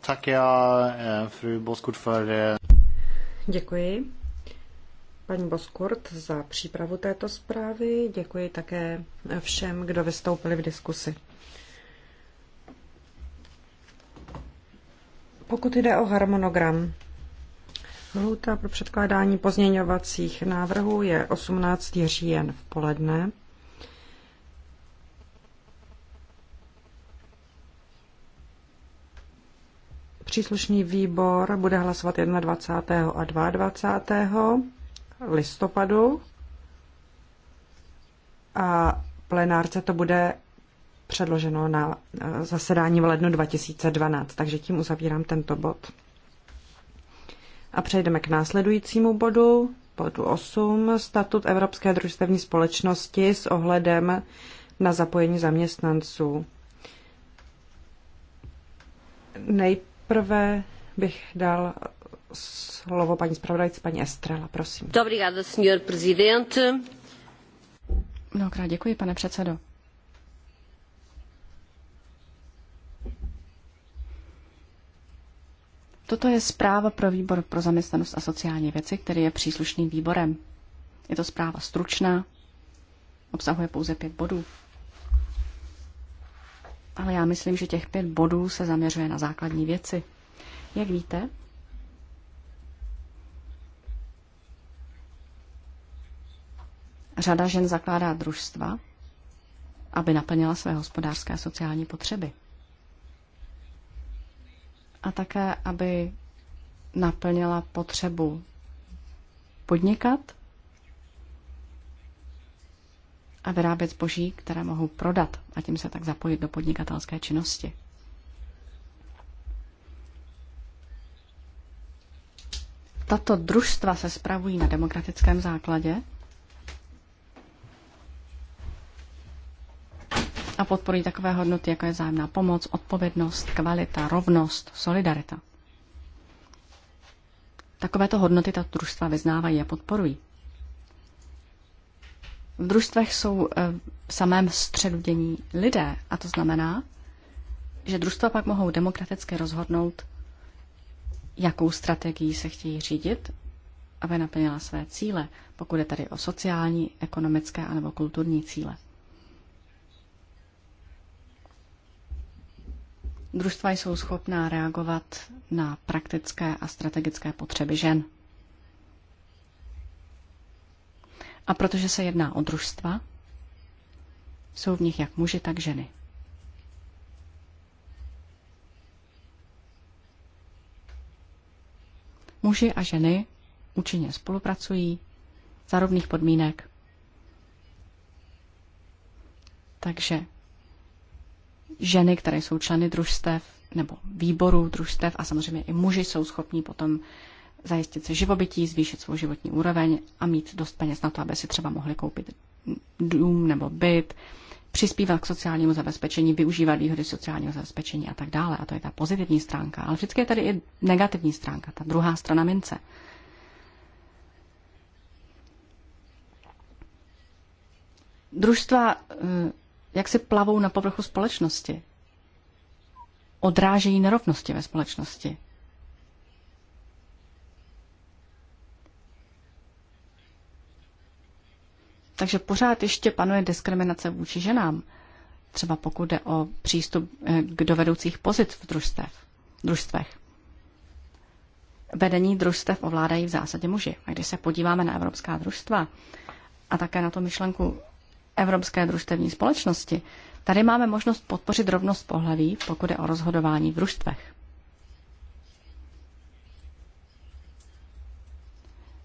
tak já, eh, fru Boskurt eh... Děkuji paní Boskurt za přípravu této zprávy. Děkuji také všem, kdo vystoupili v diskusi. Pokud jde o harmonogram, lhůta pro předkládání pozměňovacích návrhů je 18. říjen v poledne. Příslušný výbor bude hlasovat 21. a 22 listopadu a plenárce to bude předloženo na eh, zasedání v lednu 2012. Takže tím uzavírám tento bod. A přejdeme k následujícímu bodu, bodu 8, statut Evropské družstevní společnosti s ohledem na zapojení zaměstnanců. Nejprve bych dal slovo paní zpravodajce, paní Estrela, prosím. Obrigada, senhor presidente. Mnohokrát děkuji, pane předsedo. Toto je zpráva pro výbor pro zaměstnanost a sociální věci, který je příslušným výborem. Je to zpráva stručná, obsahuje pouze pět bodů. Ale já myslím, že těch pět bodů se zaměřuje na základní věci. Jak víte, Řada žen zakládá družstva, aby naplnila své hospodářské a sociální potřeby. A také, aby naplnila potřebu podnikat a vyrábět zboží, které mohou prodat a tím se tak zapojit do podnikatelské činnosti. Tato družstva se spravují na demokratickém základě podporují takové hodnoty, jako je zájemná pomoc, odpovědnost, kvalita, rovnost, solidarita. Takovéto hodnoty ta družstva vyznávají a podporují. V družstvech jsou eh, v samém středu dění lidé a to znamená, že družstva pak mohou demokraticky rozhodnout, jakou strategii se chtějí řídit, aby naplnila své cíle, pokud je tady o sociální, ekonomické anebo kulturní cíle. družstva jsou schopná reagovat na praktické a strategické potřeby žen. A protože se jedná o družstva, jsou v nich jak muži, tak ženy. Muži a ženy účinně spolupracují za rovných podmínek. Takže ženy, které jsou členy družstev nebo výborů družstev a samozřejmě i muži jsou schopní potom zajistit si živobytí, zvýšit svou životní úroveň a mít dost peněz na to, aby si třeba mohli koupit dům nebo byt, přispívat k sociálnímu zabezpečení, využívat výhody sociálního zabezpečení a tak dále. A to je ta pozitivní stránka. Ale vždycky je tady i negativní stránka, ta druhá strana mince. Družstva eh, jak si plavou na povrchu společnosti. Odrážejí nerovnosti ve společnosti. Takže pořád ještě panuje diskriminace vůči ženám, třeba pokud jde o přístup eh, k dovedoucích pozic v družstev, družstvech. Vedení družstev ovládají v zásadě muži. A když se podíváme na evropská družstva a také na tu myšlenku Evropské družstevní společnosti, tady máme možnost podpořit rovnost pohlaví, pokud je o rozhodování v družstvech.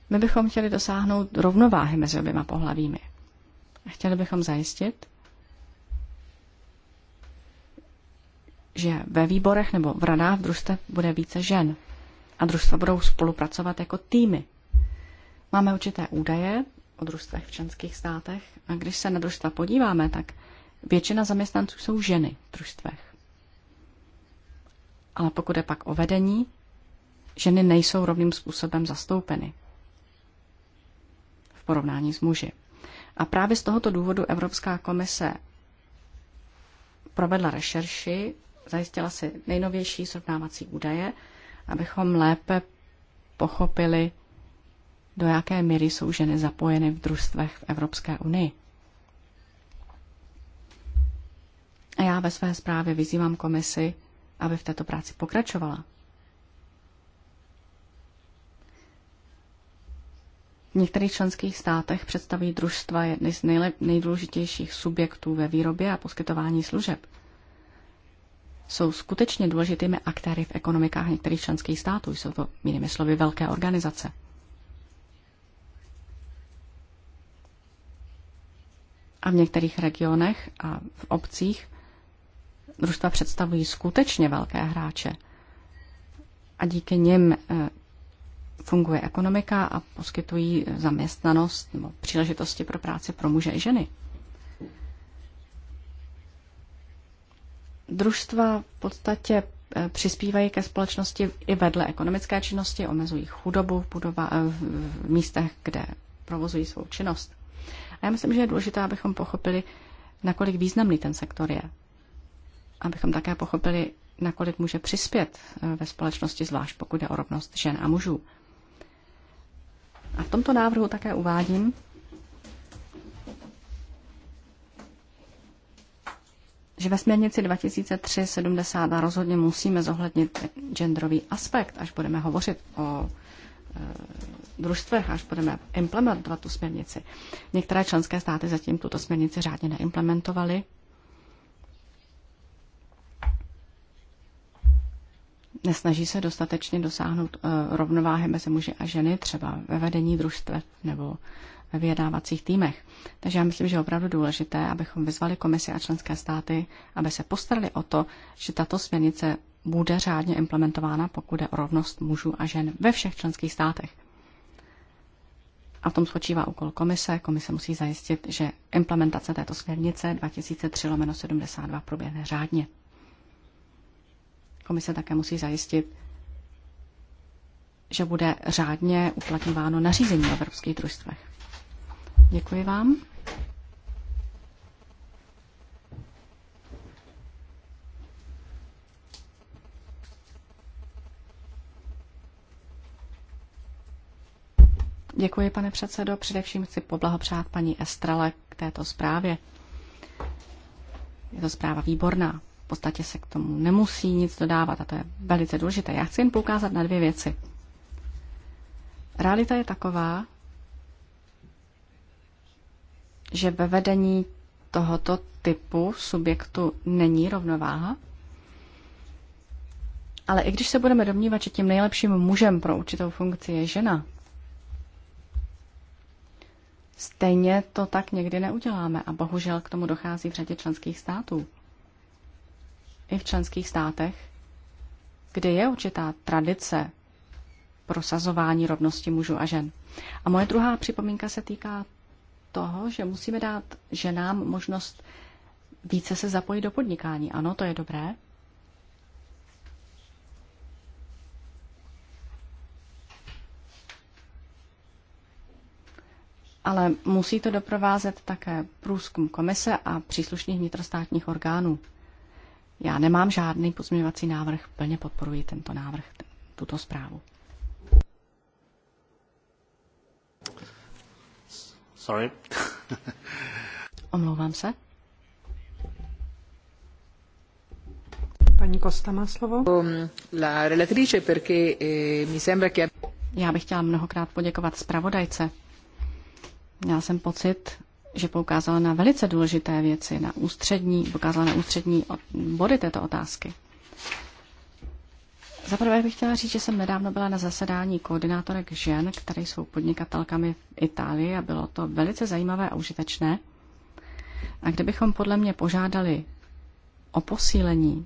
My bychom chtěli dosáhnout rovnováhy mezi oběma pohlavími. A chtěli bychom zajistit, že ve výborech nebo v radách družstev bude více žen a družstva budou spolupracovat jako týmy. Máme určité údaje o družstvech v členských státech. A když se na družstva podíváme, tak většina zaměstnanců jsou ženy v družstvech. Ale pokud je pak o vedení, ženy nejsou rovným způsobem zastoupeny v porovnání s muži. A právě z tohoto důvodu Evropská komise provedla rešerši, zajistila si nejnovější srovnávací údaje, abychom lépe pochopili, do jaké míry jsou ženy zapojeny v družstvech v Evropské unii. A já ve své zprávě vyzývám komisi, aby v této práci pokračovala. V některých členských státech představují družstva jedny z nejdůležitějších subjektů ve výrobě a poskytování služeb. Jsou skutečně důležitými aktéry v ekonomikách některých členských států, jsou to jinými slovy velké organizace. A v některých regionech a v obcích družstva představují skutečně velké hráče. A díky nim eh, funguje ekonomika a poskytují zaměstnanost nebo příležitosti pro práci pro muže i ženy. Družstva v podstatě eh, přispívají ke společnosti i vedle ekonomické činnosti, omezují chudobu v, budova, v místech, kde provozují svou činnost. A já myslím, že je důležité, abychom pochopili, nakolik významný ten sektor je. Abychom také pochopili, nakolik může přispět eh, ve společnosti, zvlášť pokud je o rovnost žen a mužů. A v tomto návrhu také uvádím, že ve směrnici 2003 rozhodně musíme zohlednit genderový aspekt, až budeme hovořit o Eh, družstvech, až budeme implementovat tu směrnici. Některé členské státy zatím tuto směrnici řádně neimplementovaly. Nesnaží se dostatečně dosáhnout eh, rovnováhy mezi muži a ženy, třeba ve vedení družstve nebo ve vyjednávacích týmech. Takže já myslím, že je opravdu důležité, abychom vyzvali komisi a členské státy, aby se postarali o to, že tato směrnice bude řádně implementována, pokud je o rovnost mužů a žen ve všech členských státech. A v tom spočívá úkol komise. Komise musí zajistit, že implementace této směrnice 2003-72 proběhne řádně. Komise také musí zajistit, že bude řádně uplatňováno nařízení o evropských družstvech. Děkuji vám. Děkuji, pane předsedo. Především chci poblahopřát paní Estrele k této zprávě. Je to zpráva výborná. V podstatě se k tomu nemusí nic dodávat a to je velice důležité. Já chci jen poukázat na dvě věci. Realita je taková, že ve vedení tohoto typu subjektu není rovnováha? Ale i když se budeme domnívat, že tím nejlepším mužem pro určitou funkci je žena, stejně to tak někdy neuděláme a bohužel k tomu dochází v řadě členských států. I v členských státech, kde je určitá tradice prosazování rovnosti mužů a žen. A moje druhá připomínka se týká toho, že musíme dát ženám možnost více se zapojit do podnikání. Ano, to je dobré. Ale musí to doprovázet také průzkum komise a příslušných vnitrostátních orgánů. Já nemám žádný pozměňovací návrh, plně podporuji tento návrh, tuto zprávu. Sorry. (laughs) Omlouvám se. Paní Kosta má slovo. Um, la relatrice, perché eh, mi sembra che... Já bych chtěla mnohokrát poděkovat zpravodajce. Měla jsem pocit, že poukázala na velice důležité věci, na ústřední, poukázala na ústřední body této otázky. Zaprvé bych chtěla říct, že jsem nedávno byla na zasedání koordinátorek žen, které jsou podnikatelkami v Itálii a bylo to velice zajímavé a užitečné. A kdybychom podle mě požádali o posílení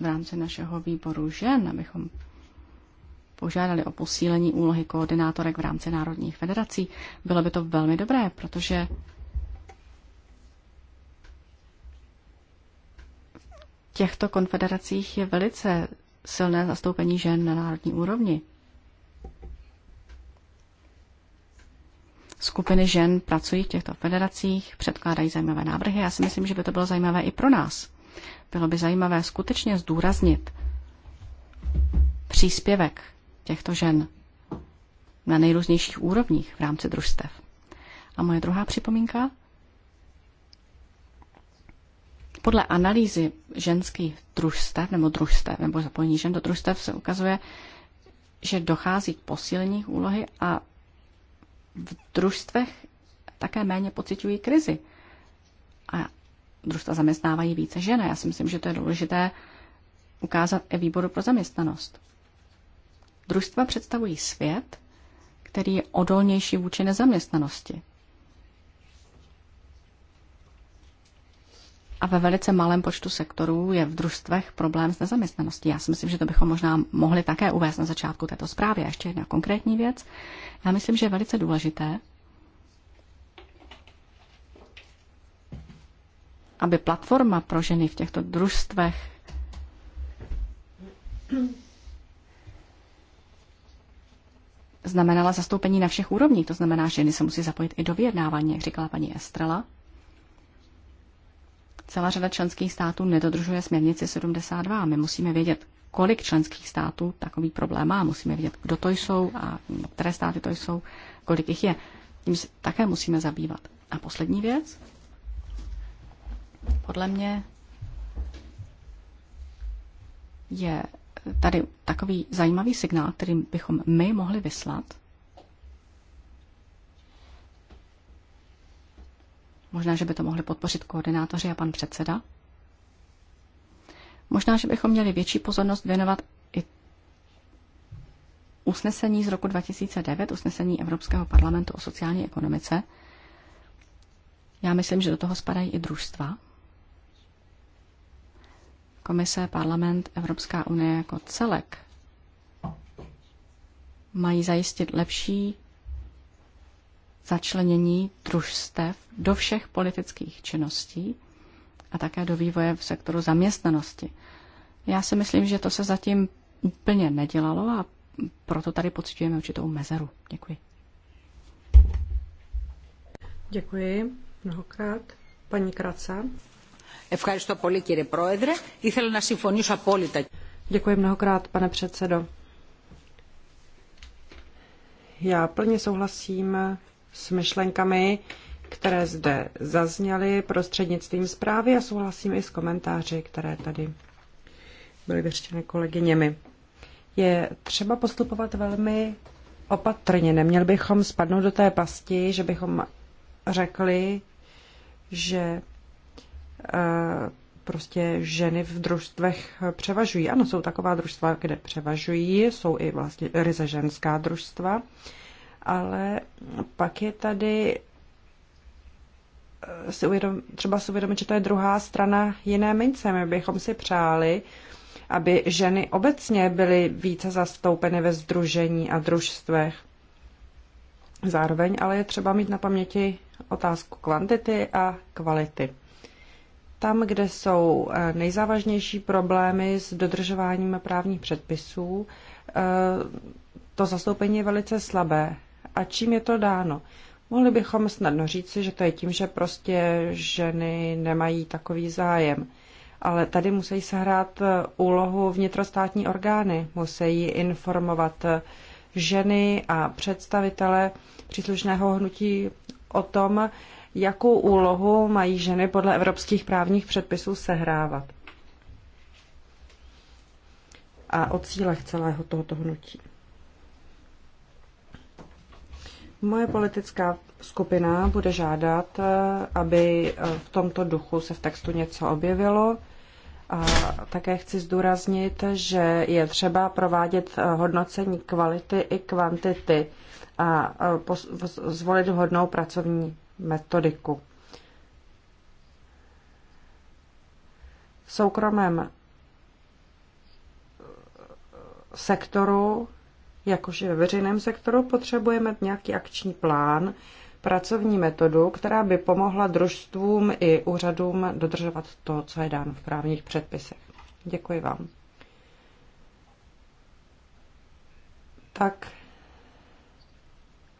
v rámci našeho výboru žen, abychom požádali o posílení úlohy koordinátorek v rámci národních federací, bylo by to velmi dobré, protože těchto konfederacích je velice silné zastoupení žen na národní úrovni. Skupiny žen pracují v těchto federacích, předkládají zajímavé návrhy. Já si myslím, že by to bylo zajímavé i pro nás. Bylo by zajímavé skutečně zdůraznit příspěvek těchto žen na nejrůznějších úrovních v rámci družstev. A moje druhá připomínka podle analýzy ženských družstev nebo družstev nebo zapojení žen do družstev se ukazuje, že dochází k posílení úlohy a v družstvech také méně pociťují krizi. A družstva zaměstnávají více žen. Já si myslím, že to je důležité ukázat i výboru pro zaměstnanost. Družstva představují svět, který je odolnější vůči nezaměstnanosti. a ve velice malém počtu sektorů je v družstvech problém s nezaměstnaností. Já si myslím, že to bychom možná mohli také uvést na začátku této zprávy. A ještě jedna konkrétní věc. Já myslím, že je velice důležité, aby platforma pro ženy v těchto družstvech znamenala zastoupení na všech úrovních. To znamená, že ženy se musí zapojit i do vyjednávání, jak říkala paní Estrela. Celá řada členských států nedodržuje směrnici 72 my musíme vědět, kolik členských států takový problém má. Musíme vědět, kdo to jsou a které státy to jsou, kolik jich je. Tím se také musíme zabývat. A poslední věc. Podle mě je tady takový zajímavý signál, který bychom my mohli vyslat Možná, že by to mohli podpořit koordinátoři a pan předseda. Možná, že bychom měli větší pozornost věnovat i usnesení z roku 2009, usnesení Evropského parlamentu o sociální ekonomice. Já myslím, že do toho spadají i družstva. Komise, parlament, Evropská unie jako celek mají zajistit lepší začlenění družstev do všech politických činností a také do vývoje v sektoru zaměstnanosti. Já si myslím, že to se zatím úplně nedělalo a proto tady pocitujeme určitou mezeru. Děkuji. Děkuji mnohokrát. Paní Kraca. Ευχαριστώ πολύ κύριε Πρόεδρε. Ήθελα να συμφωνήσω απόλυτα. Děkuji mnohokrát, pane předsedo. Já plně souhlasím s myšlenkami, které zde zazněly prostřednictvím zprávy a souhlasím i s komentáři, které tady byly vyřčeny kolegyněmi. Je třeba postupovat velmi opatrně. Neměli bychom spadnout do té pasti, že bychom řekli, že eh, prostě ženy v družstvech převažují. Ano, jsou taková družstva, kde převažují, jsou i vlastně ryze ženská družstva, ale pak je tady eh, si uvědom, třeba si uvědomit, že to je druhá strana jiné mince. My bychom si přáli, aby ženy obecně byly více zastoupeny ve združení a družstvech. Zároveň ale je třeba mít na paměti otázku kvantity a kvality. Tam, kde jsou eh, nejzávažnější problémy s dodržováním právních předpisů, eh, to zastoupení je velice slabé. A čím je to dáno? Mohli bychom snadno říci, že to je tím, že prostě ženy nemají takový zájem. Ale tady musí sehrát eh, úlohu vnitrostátní orgány, musí informovat eh, ženy a představitele příslušného hnutí o tom, jakou úlohu mají ženy podle evropských právních předpisů sehrávat. A o cílech celého tohoto hnutí. Moje politická skupina bude žádat, eh, aby eh, v tomto duchu se v textu něco objevilo. A také chci zdůraznit, že je třeba provádět eh, hodnocení kvality i kvantity a zvolit vhodnou pracovní metodiku. V soukromém sektoru jakož i ve veřejném sektoru, potřebujeme nějaký akční plán, pracovní metodu, která by pomohla družstvům i úřadům dodržovat to, co je dáno v právních předpisech. Děkuji vám. Tak,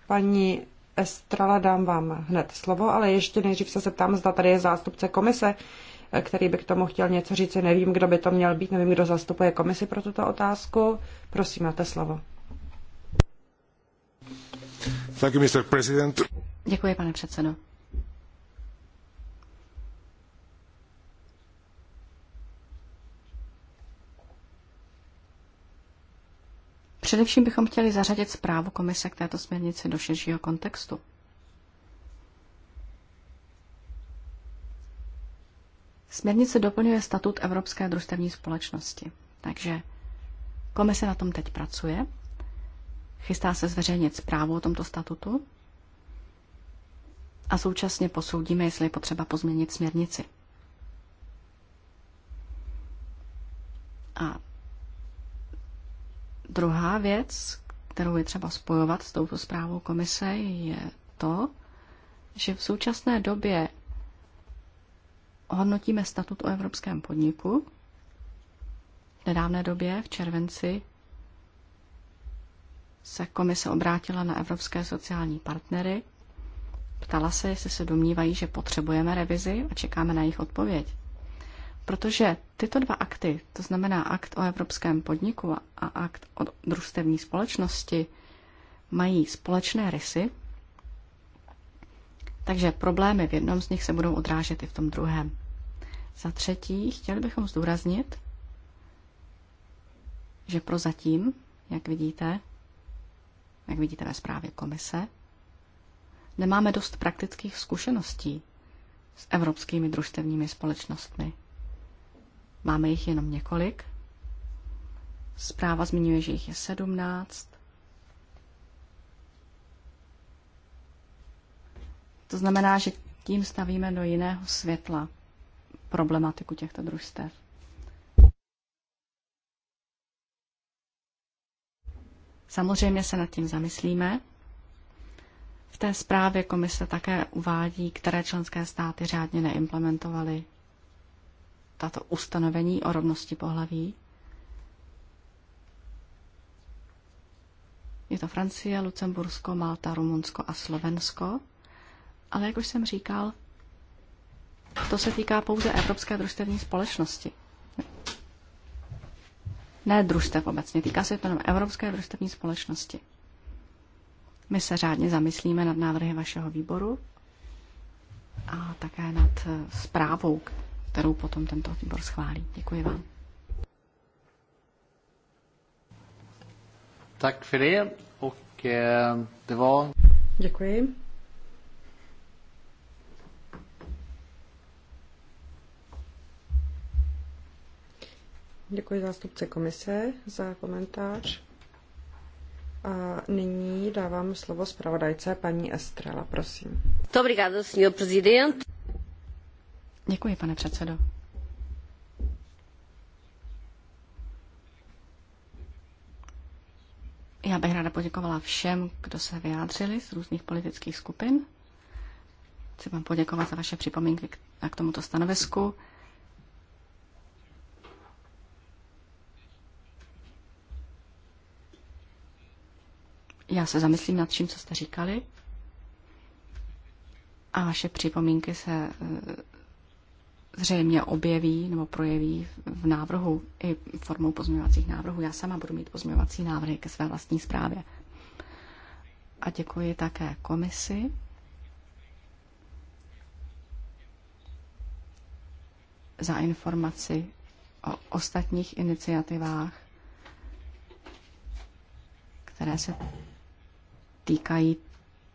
paní Estrala, dám vám hned slovo, ale ještě nejdřív se zeptám, zda tady je zástupce komise, který by k tomu chtěl něco říct. Nevím, kdo by to měl být, nevím, kdo zastupuje komisi pro tuto otázku. Prosím, máte slovo. Thank you, Mr. President. Děkuji, pane předsedo. Především bychom chtěli zařadit zprávu komise k této směrnici do širšího kontextu. Směrnice doplňuje statut Evropské družstevní společnosti, takže komise na tom teď pracuje Chystá se zveřejnit zprávu o tomto statutu a současně posoudíme, jestli je potřeba pozměnit směrnici. A druhá věc, kterou je třeba spojovat s touto zprávou komise, je to, že v současné době hodnotíme statut o evropském podniku. V nedávné době, v červenci, se komise obrátila na evropské sociální partnery, ptala se, jestli se domnívají, že potřebujeme revizi a čekáme na jejich odpověď. Protože tyto dva akty, to znamená akt o evropském podniku a akt o družstevní společnosti, mají společné rysy, takže problémy v jednom z nich se budou odrážet i v tom druhém. Za třetí, chtěli bychom zdůraznit, že prozatím, jak vidíte, jak vidíte ve zprávě komise, nemáme dost praktických zkušeností s evropskými družstevními společnostmi. Máme jich jenom několik. Zpráva zmiňuje, že jich je 17. To znamená, že tím stavíme do jiného světla problematiku těchto družstev. Samozřejmě se nad tím zamyslíme. V té zprávě komise také uvádí, které členské státy řádně neimplementovaly tato ustanovení o rovnosti pohlaví. Je to Francie, Lucembursko, Malta, Rumunsko a Slovensko. Ale jak už jsem říkal, to se týká pouze Evropské družstevní společnosti ne družstev obecně, týká se to jenom Evropské družstevní společnosti. My se řádně zamyslíme nad návrhy vašeho výboru a také nad eh, zprávou, kterou potom tento výbor schválí. Děkuji vám. Tak Filip, ok, Och eh, Děkuji. Děkuji zástupce komise za komentář. A nyní dávám slovo zpravodajce paní Estrela, prosím. Obrigado, senhor prezident. Děkuji, pane předsedo. Já bych ráda poděkovala všem, kdo se vyjádřili z různých politických skupin. Chci vám poděkovat za vaše připomínky k, k tomuto stanovisku. Já se zamyslím nad tím, co jste říkali. A vaše připomínky se eh, zřejmě objeví nebo projeví v návrhu i formou pozměňovacích návrhů. Já sama budu mít pozměňovací návrhy ke své vlastní zprávě. A děkuji také komisi. za informaci o ostatních iniciativách, které se týkají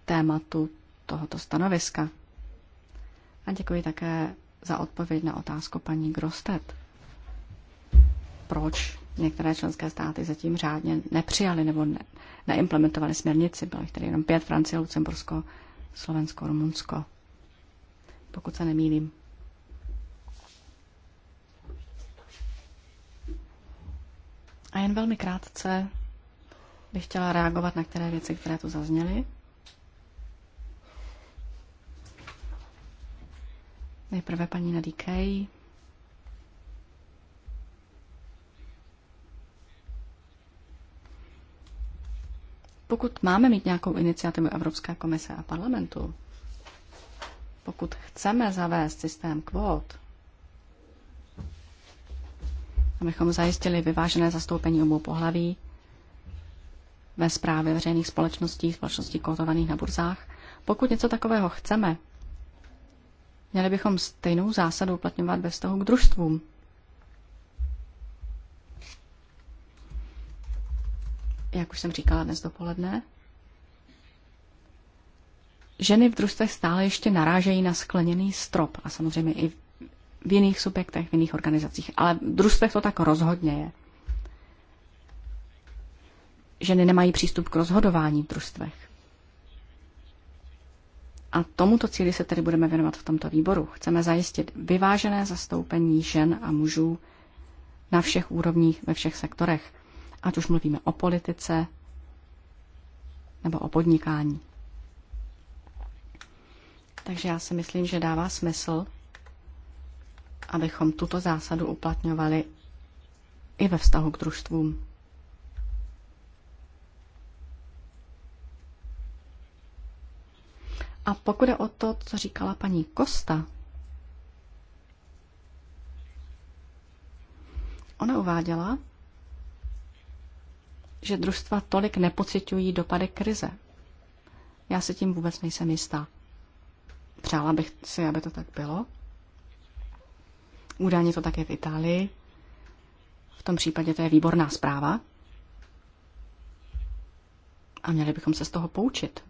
tématu tohoto stanoviska. A děkuji také za odpověď na otázku paní Grostet. Proč některé členské státy zatím řádně nepřijali nebo ne, neimplementovali směrnici? Bylo jich tedy jenom pět, Francie, Lucembursko, Slovensko, Rumunsko. Pokud se nemýlím. A jen velmi krátce bych chtěla reagovat na které věci, které tu zazněly. Nejprve paní Nadíkej. Pokud máme mít nějakou iniciativu Evropské komise a parlamentu, pokud chceme zavést systém kvót, abychom zajistili vyvážené zastoupení obou pohlaví, ve zprávě veřejných společností, společností kotovaných na burzách. Pokud něco takového chceme, měli bychom stejnou zásadu uplatňovat ve vztahu k družstvům. Jak už jsem říkala dnes dopoledne, ženy v družstvech stále ještě narážejí na skleněný strop a samozřejmě i v jiných subjektech, v jiných organizacích, ale v družstvech to tak rozhodně je ženy nemají přístup k rozhodování v družstvech. A tomuto cíli se tedy budeme věnovat v tomto výboru. Chceme zajistit vyvážené zastoupení žen a mužů na všech úrovních, ve všech sektorech, ať už mluvíme o politice nebo o podnikání. Takže já si myslím, že dává smysl, abychom tuto zásadu uplatňovali i ve vztahu k družstvům. A pokud je o to, co říkala paní Kosta, ona uváděla, že družstva tolik nepocitují dopady krize. Já se tím vůbec nejsem jistá. Přála bych si, aby to tak bylo. Údajně to tak je v Itálii. V tom případě to je výborná zpráva. A měli bychom se z toho poučit.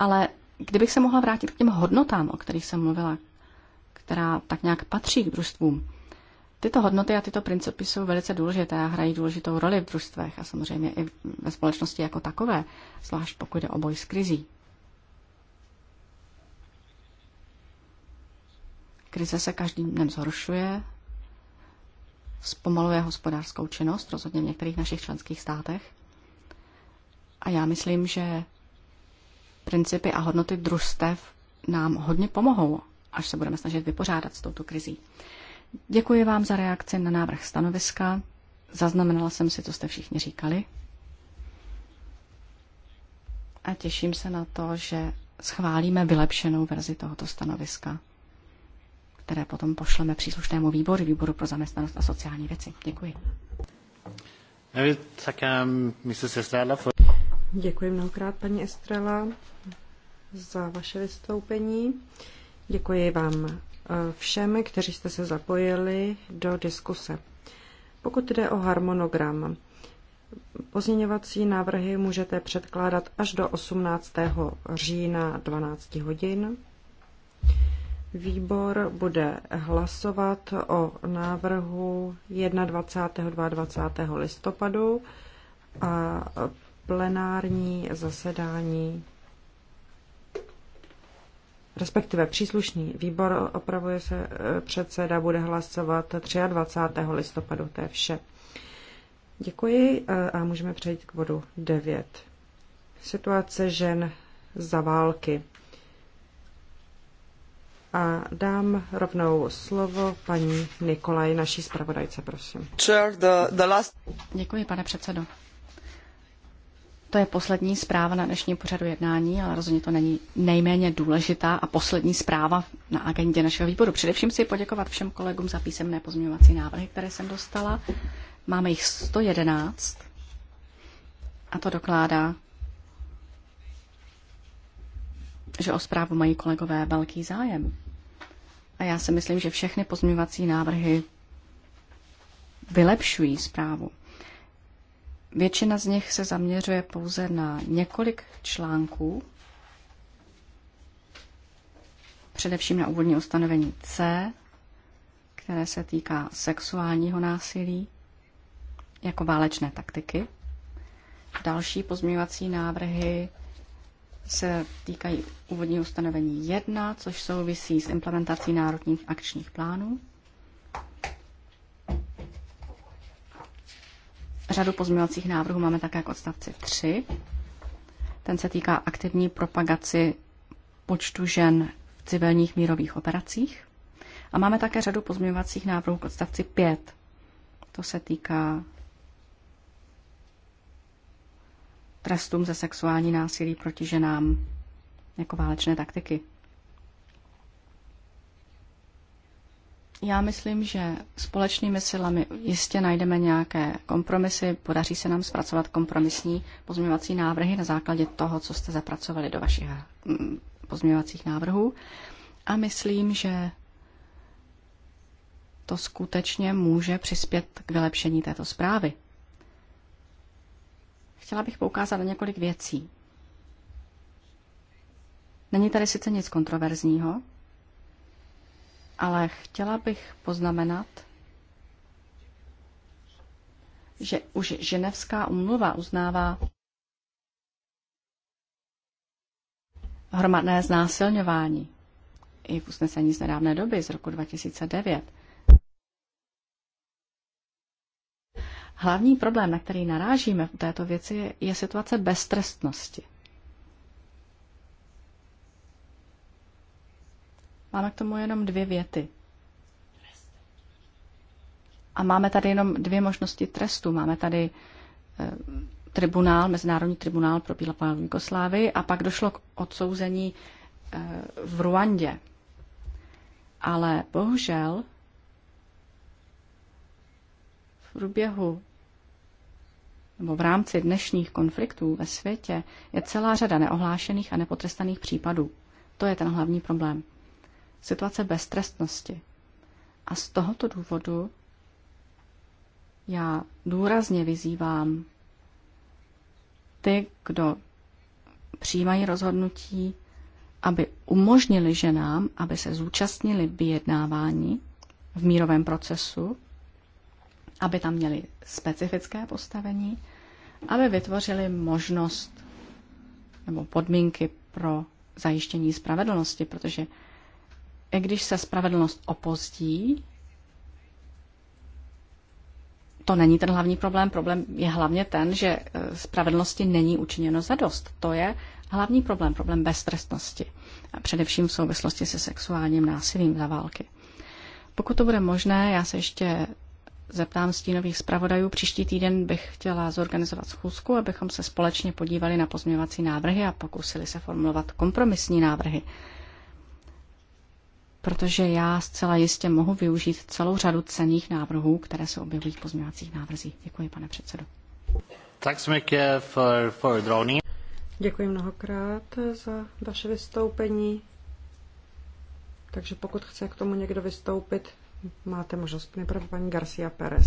Ale kdybych se mohla vrátit k těm hodnotám, o kterých jsem mluvila, která tak nějak patří k družstvům, tyto hodnoty a tyto principy jsou velice důležité a hrají důležitou roli v družstvech a samozřejmě i ve společnosti jako takové, zvlášť pokud jde o boj s krizí. Krize se každým dnem zhoršuje, zpomaluje hospodářskou činnost, rozhodně v některých našich členských státech. A já myslím, že principy a hodnoty družstev nám hodně pomohou, až se budeme snažit vypořádat s touto krizí. Děkuji vám za reakci na návrh stanoviska. Zaznamenala jsem si, co jste všichni říkali. A těším se na to, že schválíme vylepšenou verzi tohoto stanoviska, které potom pošleme příslušnému výboru, výboru pro zaměstnanost a sociální věci. Děkuji. Um, Děkuji mnohokrát, paní Estrela, za vaše vystoupení. Děkuji vám eh, všem, kteří jste se zapojili do diskuse. Pokud jde o harmonogram, pozměňovací návrhy můžete předkládat až do 18. října 12 hodin. Výbor bude hlasovat o návrhu 21. 22. listopadu a plenární zasedání, respektive příslušný výbor, opravuje se e, předseda, bude hlasovat 23. listopadu, to je vše. Děkuji e, a můžeme přejít k bodu 9. Situace žen za války. A dám rovnou slovo paní Nikolaj, naší zpravodajce, prosím. Děkuji, pane předsedo. To je poslední zpráva na dnešním pořadu jednání, ale rozhodně to není nejméně důležitá a poslední zpráva na agendě našeho výboru. Především si poděkovat všem kolegům za písemné pozměňovací návrhy, které jsem dostala. Máme jich 111 a to dokládá, že o zprávu mají kolegové velký zájem. A já si myslím, že všechny pozměňovací návrhy vylepšují zprávu. Většina z nich se zaměřuje pouze na několik článků, především na úvodní ustanovení C, které se týká sexuálního násilí jako válečné taktiky. Další pozměňovací návrhy se týkají úvodního ustanovení 1, což souvisí s implementací národních akčních plánů. Řadu pozměňovacích návrhů máme také k odstavci 3. Ten se týká aktivní propagaci počtu žen v civilních mírových operacích. A máme také řadu pozměňovacích návrhů k odstavci 5. To se týká trestům ze sexuální násilí proti ženám jako válečné taktiky. Já myslím, že společnými silami jistě najdeme nějaké kompromisy. Podaří se nám zpracovat kompromisní pozměňovací návrhy na základě toho, co jste zapracovali do vašich mm, pozměňovacích návrhů. A myslím, že to skutečně může přispět k vylepšení této zprávy. Chtěla bych poukázat na několik věcí. Není tady sice nic kontroverzního, ale chtěla bych poznamenat, že už ženevská umluva uznává hromadné znásilňování i v usnesení z nedávné doby, z roku 2009. Hlavní problém, na který narážíme v této věci, je situace beztrestnosti. Máme k tomu jenom dvě věty. A máme tady jenom dvě možnosti trestu. Máme tady eh, tribunál, Mezinárodní tribunál pro Bílopánu Jugoslávii a pak došlo k odsouzení eh, v Ruandě. Ale bohužel v průběhu nebo v rámci dnešních konfliktů ve světě je celá řada neohlášených a nepotrestaných případů. To je ten hlavní problém situace beztrestnosti. A z tohoto důvodu já důrazně vyzývám ty, kdo přijímají rozhodnutí, aby umožnili ženám, aby se zúčastnili vyjednávání v mírovém procesu, aby tam měli specifické postavení, aby vytvořili možnost nebo podmínky pro zajištění spravedlnosti, protože když se spravedlnost opozdí, to není ten hlavní problém. Problém je hlavně ten, že e, spravedlnosti není učiněno za dost. To je hlavní problém, problém beztrestnosti. A především v souvislosti se sexuálním násilím za války. Pokud to bude možné, já se ještě zeptám stínových zpravodajů. Příští týden bych chtěla zorganizovat schůzku, abychom se společně podívali na pozměňovací návrhy a pokusili se formulovat kompromisní návrhy protože já zcela jistě mohu využít celou řadu cených návrhů, které se objevují v pozměňovacích návrzích. Děkuji, pane předsedo. Děkuji mnohokrát za vaše vystoupení. Takže pokud chce k tomu někdo vystoupit, máte možnost. Nejprve paní Garcia Perez.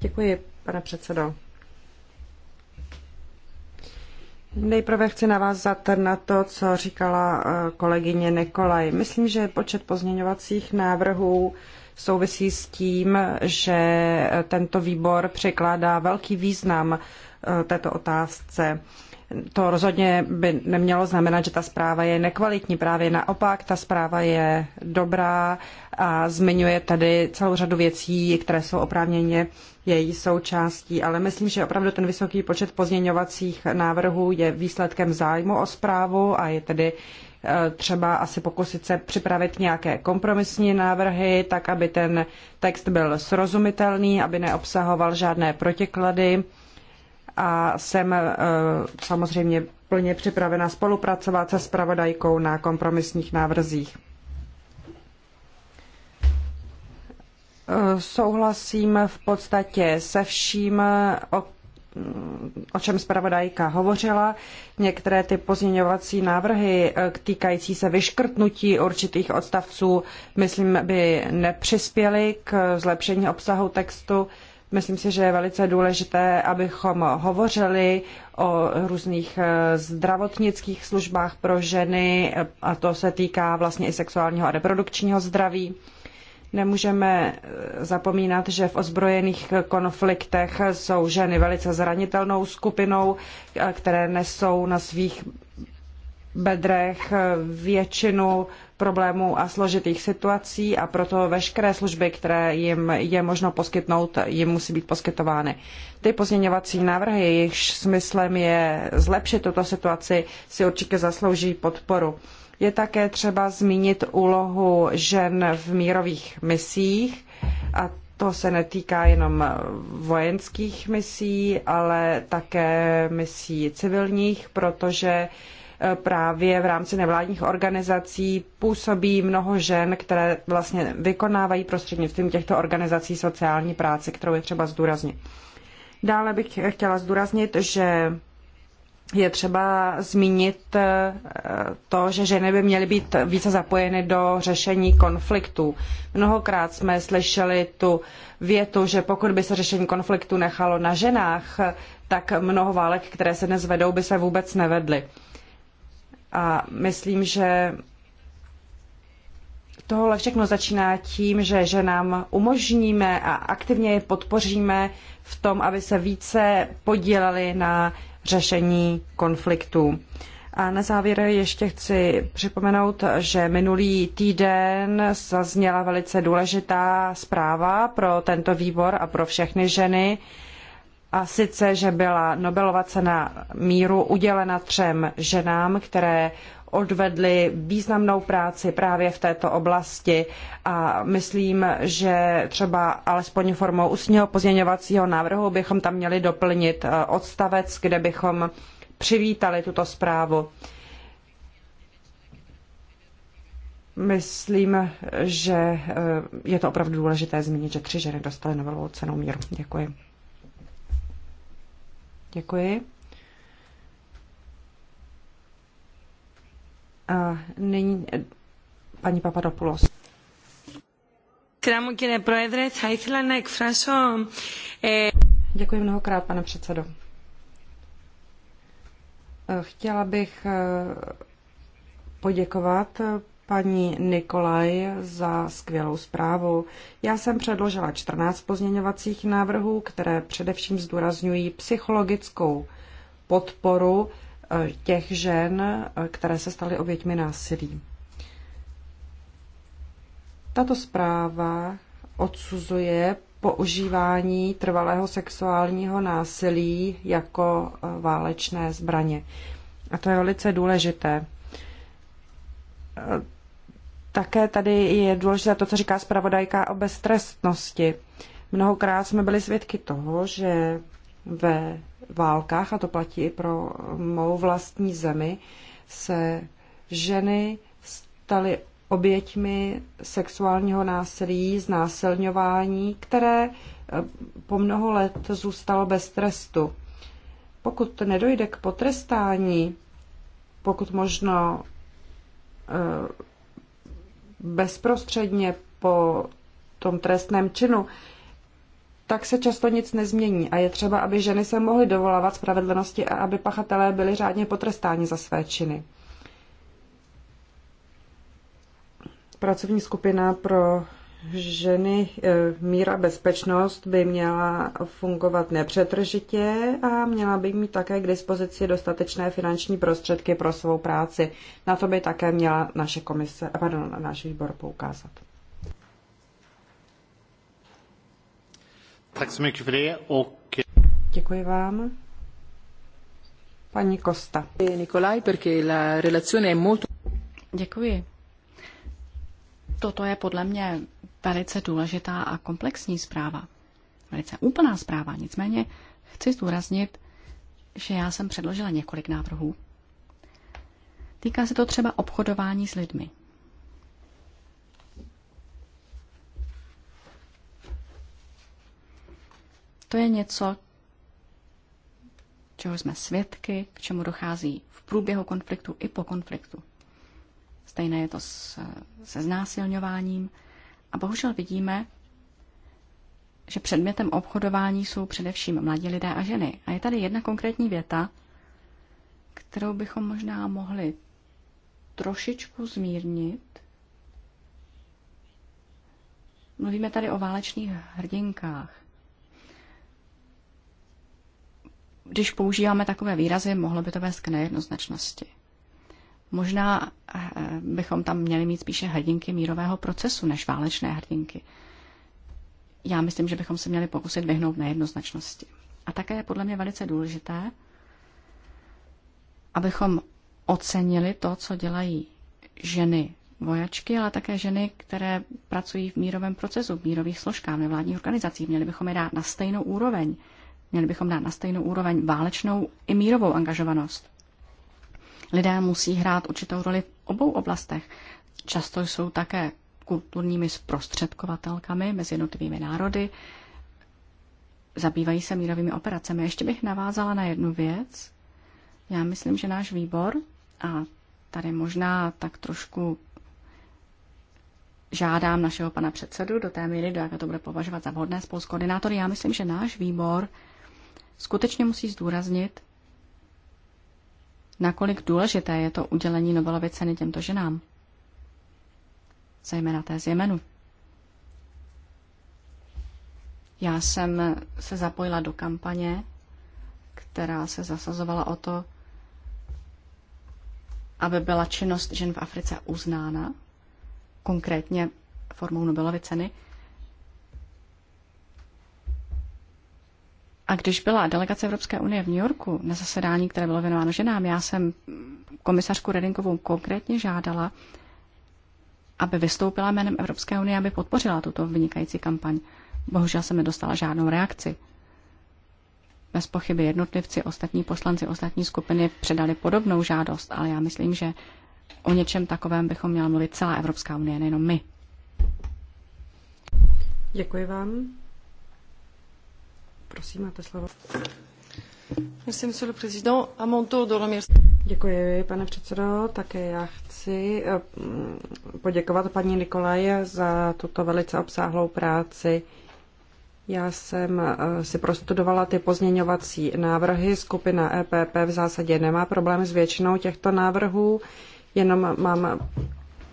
Děkuji, pane předsedo. Nejprve chci navázat na to, co říkala eh, kolegyně Nikolaj. Myslím, že počet pozměňovacích návrhů souvisí s tím, že eh, tento výbor překládá velký význam eh, této otázce to rozhodně by nemělo znamenat, že ta zpráva je nekvalitní. Právě naopak, ta zpráva je dobrá a zmiňuje tady celou řadu věcí, které jsou oprávněně její součástí. Ale myslím, že opravdu ten vysoký počet pozměňovacích návrhů je výsledkem zájmu o zprávu a je tedy e, třeba asi pokusit se připravit nějaké kompromisní návrhy, tak aby ten text byl srozumitelný, aby neobsahoval žádné protiklady a jsem e, samozřejmě plně připravena spolupracovat se spravodajkou na kompromisních návrzích. E, souhlasím v podstatě se vším, o, o čem zpravodajka hovořila. Některé ty pozměňovací návrhy e, týkající se vyškrtnutí určitých odstavců, myslím, by nepřispěly k zlepšení obsahu textu. Myslím si, že je velice důležité, abychom hovořili o různých eh, zdravotnických službách pro ženy a to se týká vlastně i sexuálního a reprodukčního zdraví. Nemůžeme eh, zapomínat, že v ozbrojených konfliktech jsou ženy velice zranitelnou skupinou, eh, které nesou na svých bedrech většinu problémů a složitých situací a proto veškeré služby, které jim je možno poskytnout, jim musí být poskytovány. Ty pozměňovací návrhy, jejichž smyslem je zlepšit tuto situaci, si určitě zaslouží podporu. Je také třeba zmínit úlohu žen v mírových misích a to se netýká jenom vojenských misí, ale také misí civilních, protože Eh, právě v rámci nevládních organizací působí mnoho žen, které vlastně vykonávají prostřednictvím těchto organizací sociální práci, kterou je třeba zdůraznit. Dále bych chtěla zdůraznit, že je třeba zmínit eh, to, že ženy by měly být více zapojeny do řešení konfliktů. Mnohokrát jsme slyšeli tu větu, že pokud by se řešení konfliktů nechalo na ženách, tak mnoho válek, které se dnes vedou, by se vůbec nevedly. A myslím, že tohle všechno začíná tím, že že nám umožníme a aktivně je podpoříme v tom, aby se více podíleli na řešení konfliktů. A na závěr ještě chci připomenout, že minulý týden zazněla velice důležitá zpráva pro tento výbor a pro všechny ženy a sice, že byla Nobelova cena míru udělena třem ženám, které odvedly významnou práci právě v této oblasti a myslím, že třeba alespoň formou ústního pozměňovacího návrhu bychom tam měli doplnit eh, odstavec, kde bychom přivítali tuto zprávu. Myslím, že eh, je to opravdu důležité zmínit, že tři ženy dostaly Nobelovu cenu míru. Děkuji. Děkuji. A nyní eh, paní Papadopoulos. Eh, Děkuji mnohokrát, pane předsedo. Eh, chtěla bych poděkovat paní Nikolaj za skvělou zprávu. Já jsem předložila 14 pozměňovacích návrhů, které především zdůrazňují psychologickou podporu eh, těch žen, eh, které se staly oběťmi násilí. Tato zpráva odsuzuje používání trvalého sexuálního násilí jako eh, válečné zbraně. A to je velice důležité také tady je důležité to, co říká zpravodajka o beztrestnosti. Mnohokrát jsme byli svědky toho, že ve válkách, a to platí i pro mou vlastní zemi, se ženy staly oběťmi sexuálního násilí, znásilňování, které eh, po mnoho let zůstalo bez trestu. Pokud nedojde k potrestání, pokud možno eh, bezprostředně po tom trestném činu, tak se často nic nezmění a je třeba, aby ženy se mohly dovolávat spravedlnosti a aby pachatelé byli řádně potrestáni za své činy. Pracovní skupina pro ženy e, míra bezpečnost by měla fungovat nepřetržitě a měla by mít také k dispozici dostatečné finanční prostředky pro svou práci. Na to by také měla naše komise, pardon, náš výbor poukázat. Tak jsme mycket för Děkuji vám. Paní Kosta. Nikolaj, perché la relazione è molto... Děkuji. Toto je podle mě velice důležitá a komplexní zpráva. Velice úplná zpráva. Nicméně chci zdůraznit, že já jsem předložila několik návrhů. Týká se to třeba obchodování s lidmi. To je něco, čeho jsme svědky, k čemu dochází v průběhu konfliktu i po konfliktu. Stejné je to se, se znásilňováním, a bohužel vidíme, že předmětem obchodování jsou především mladí lidé a ženy. A je tady jedna konkrétní věta, kterou bychom možná mohli trošičku zmírnit. Mluvíme tady o válečných hrdinkách. Když používáme takové výrazy, mohlo by to vést k nejednoznačnosti. Možná eh, bychom tam měli mít spíše hrdinky mírového procesu než válečné hrdinky. Já myslím, že bychom se měli pokusit vyhnout nejednoznačnosti. A také je podle mě velice důležité, abychom ocenili to, co dělají ženy vojačky, ale také ženy, které pracují v mírovém procesu, v mírových složkách, nevládních organizacích. Měli bychom je dát na stejnou úroveň. Měli bychom dát na stejnou úroveň válečnou i mírovou angažovanost. Lidé musí hrát určitou roli v obou oblastech. Často jsou také kulturními zprostředkovatelkami mezi jednotlivými národy, zabývají se mírovými operacemi. Ještě bych navázala na jednu věc. Já myslím, že náš výbor, a tady možná tak trošku žádám našeho pana předsedu do té míry, do jaké to bude považovat za vhodné spolu s koordinátory, já myslím, že náš výbor skutečně musí zdůraznit, nakolik důležité je to udělení Nobelovy ceny těmto ženám, zejména té z Jemenu. Já jsem se zapojila do kampaně, která se zasazovala o to, aby byla činnost žen v Africe uznána, konkrétně formou Nobelovy ceny – A když byla delegace Evropské unie v New Yorku na zasedání, které bylo věnováno ženám, já jsem komisařku Redinkovou konkrétně žádala, aby vystoupila jménem Evropské unie, aby podpořila tuto vynikající kampaň. Bohužel jsem nedostala žádnou reakci. Bez pochyby jednotlivci, ostatní poslanci, ostatní skupiny předali podobnou žádost, ale já myslím, že o něčem takovém bychom měla mluvit celá Evropská unie, nejenom my. Děkuji vám. Prosím, máte slovo. Děkuji, pane předsedo. Také já chci eh, poděkovat paní Nikolaje za tuto velice obsáhlou práci. Já jsem eh, si prostudovala ty pozměňovací návrhy. Skupina EPP v zásadě nemá problém s většinou těchto návrhů, jenom mám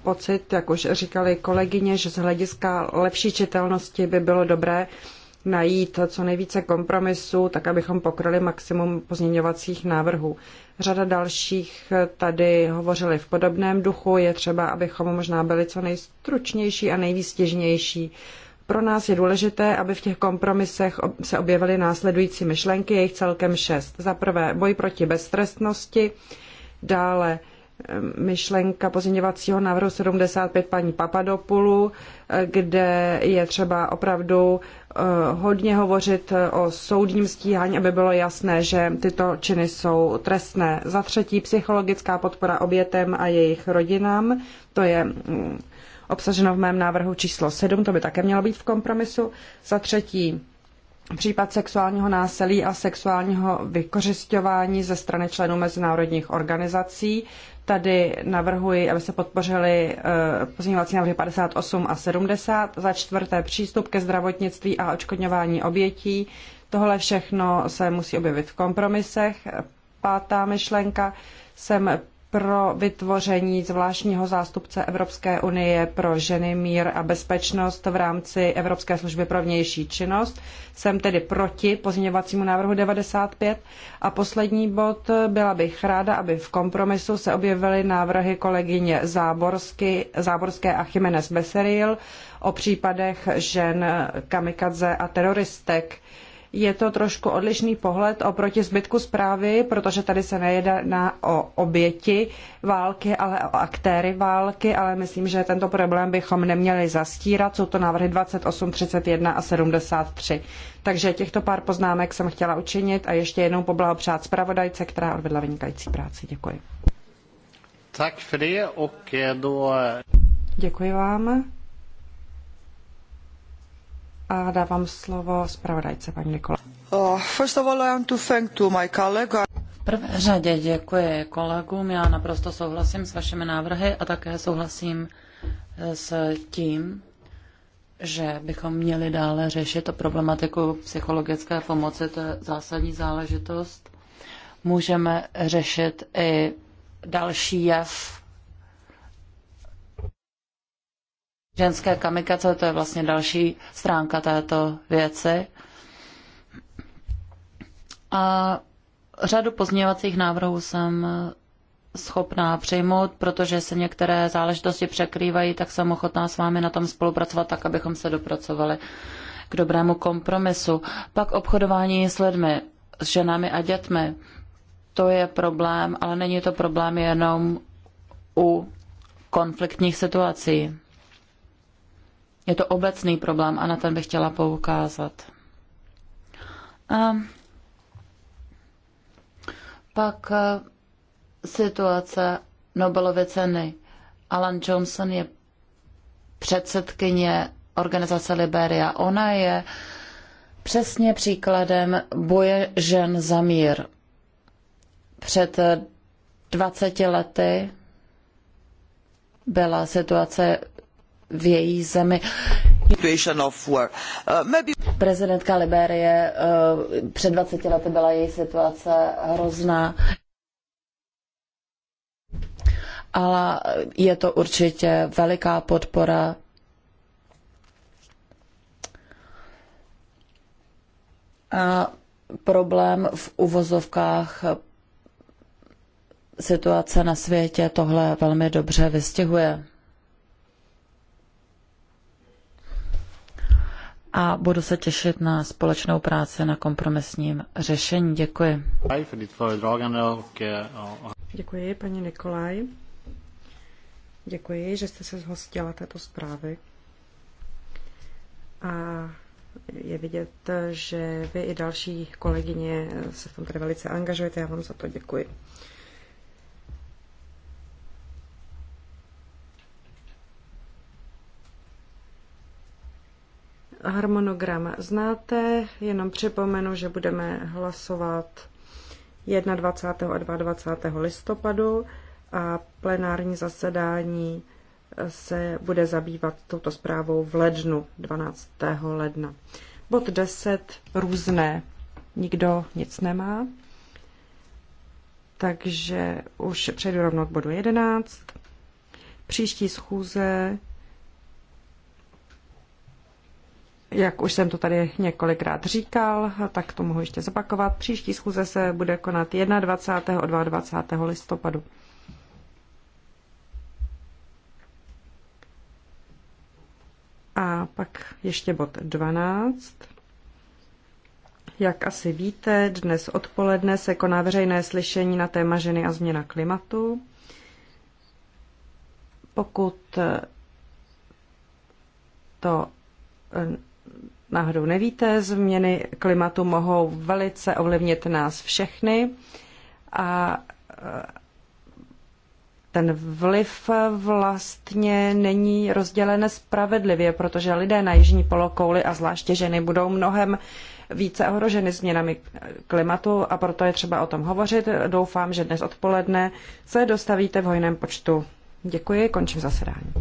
pocit, jak už říkali kolegyně, že z hlediska lepší čitelnosti by bylo dobré, najít co nejvíce kompromisů, tak abychom pokryli maximum pozměňovacích návrhů. Řada dalších tady hovořili v podobném duchu, je třeba, abychom možná byli co nejstručnější a nejvýstěžnější. Pro nás je důležité, aby v těch kompromisech se objevily následující myšlenky, jejich celkem šest. Za prvé boj proti beztrestnosti, dále myšlenka pozměňovacího návrhu 75 paní Papadopoulu, kde je třeba opravdu eh, hodně hovořit eh, o soudním stíhání, aby bylo jasné, že tyto činy jsou trestné. Za třetí psychologická podpora obětem a jejich rodinám, to je mm, obsaženo v mém návrhu číslo 7, to by také mělo být v kompromisu. Za třetí případ sexuálního násilí a sexuálního vykořišťování ze strany členů mezinárodních organizací. Tady navrhuji, aby se podpořili eh, pozměňovací návrhy 58 a 70, za čtvrté přístup ke zdravotnictví a očkodňování obětí. Tohle všechno se musí objevit v kompromisech. Pátá myšlenka, jsem pro vytvoření zvláštního zástupce Evropské unie pro ženy, mír a bezpečnost v rámci Evropské služby pro vnější činnost. Jsem tedy proti pozměňovacímu návrhu 95. A poslední bod, byla bych ráda, aby v kompromisu se objevily návrhy kolegyně Záborsky, Záborské a Jiménez Beseril o případech žen kamikadze a teroristek je to trošku odlišný pohled oproti zbytku zprávy, protože tady se nejedná o oběti války, ale o aktéry války, ale myslím, že tento problém bychom neměli zastírat. Jsou to návrhy 28, 31 a 73. Takže těchto pár poznámek jsem chtěla učinit a ještě jednou poblahopřát zpravodajce, která odvedla vynikající práci. Děkuji. Tak Děkuji vám a dávám slovo zpravodajce paní Nikola. Uh, v prvé řadě děkuji kolegům. Já naprosto souhlasím s vašimi návrhy a také souhlasím eh, s tím, že bychom měli dále řešit o problematiku psychologické pomoci. To je zásadní záležitost. Můžeme řešit i další jev Ženské kamikace, to je vlastně další stránka této věci. A řadu pozměňovacích návrhů jsem schopná přijmout, protože se některé záležitosti překrývají, tak jsem ochotná s vámi na tom spolupracovat tak, abychom se dopracovali k dobrému kompromisu. Pak obchodování s lidmi, s ženami a dětmi, to je problém, ale není to problém jenom u konfliktních situací. Je to obecný problém a na ten bych chtěla poukázat. A pak e, situace Nobelovy ceny. Alan Johnson je předsedkyně organizace Liberia. Ona je přesně příkladem boje žen za mír. Před 20 e, lety byla situace v její zemi. Uh, Prezidentka Liberie uh, před 20 lety byla její situace hrozná. Ale je to určitě veliká podpora A problém v uvozovkách situace na světě tohle velmi dobře vystihuje. a budu se těšit na společnou práci na kompromisním řešení. Děkuji. Děkuji, paní Nikolaj. Děkuji, že jste se zhostila této zprávy. A je vidět, že vy i další kolegyně se v tom tady velice angažujete. Já vám za to děkuji. Harmonogram znáte, jenom připomenu, že budeme hlasovat 21. a 22. listopadu a plenární zasedání se bude zabývat touto zprávou v lednu, 12. ledna. Bod 10, různé. Nikdo nic nemá. Takže už přejdu rovnou k bodu 11. Příští schůze Jak už jsem to tady několikrát říkal, tak to mohu ještě zopakovat. Příští schůze se bude konat 21. a 22. listopadu. A pak ještě bod 12. Jak asi víte, dnes odpoledne se koná veřejné slyšení na téma ženy a změna klimatu. Pokud to náhodou nevíte, změny klimatu mohou velice ovlivnit nás všechny a e, ten vliv vlastně není rozdělen spravedlivě, protože lidé na jižní polokouli a zvláště ženy budou mnohem více ohroženy změnami klimatu a proto je třeba o tom hovořit. Doufám, že dnes odpoledne se dostavíte v hojném počtu. Děkuji, končím zasedání.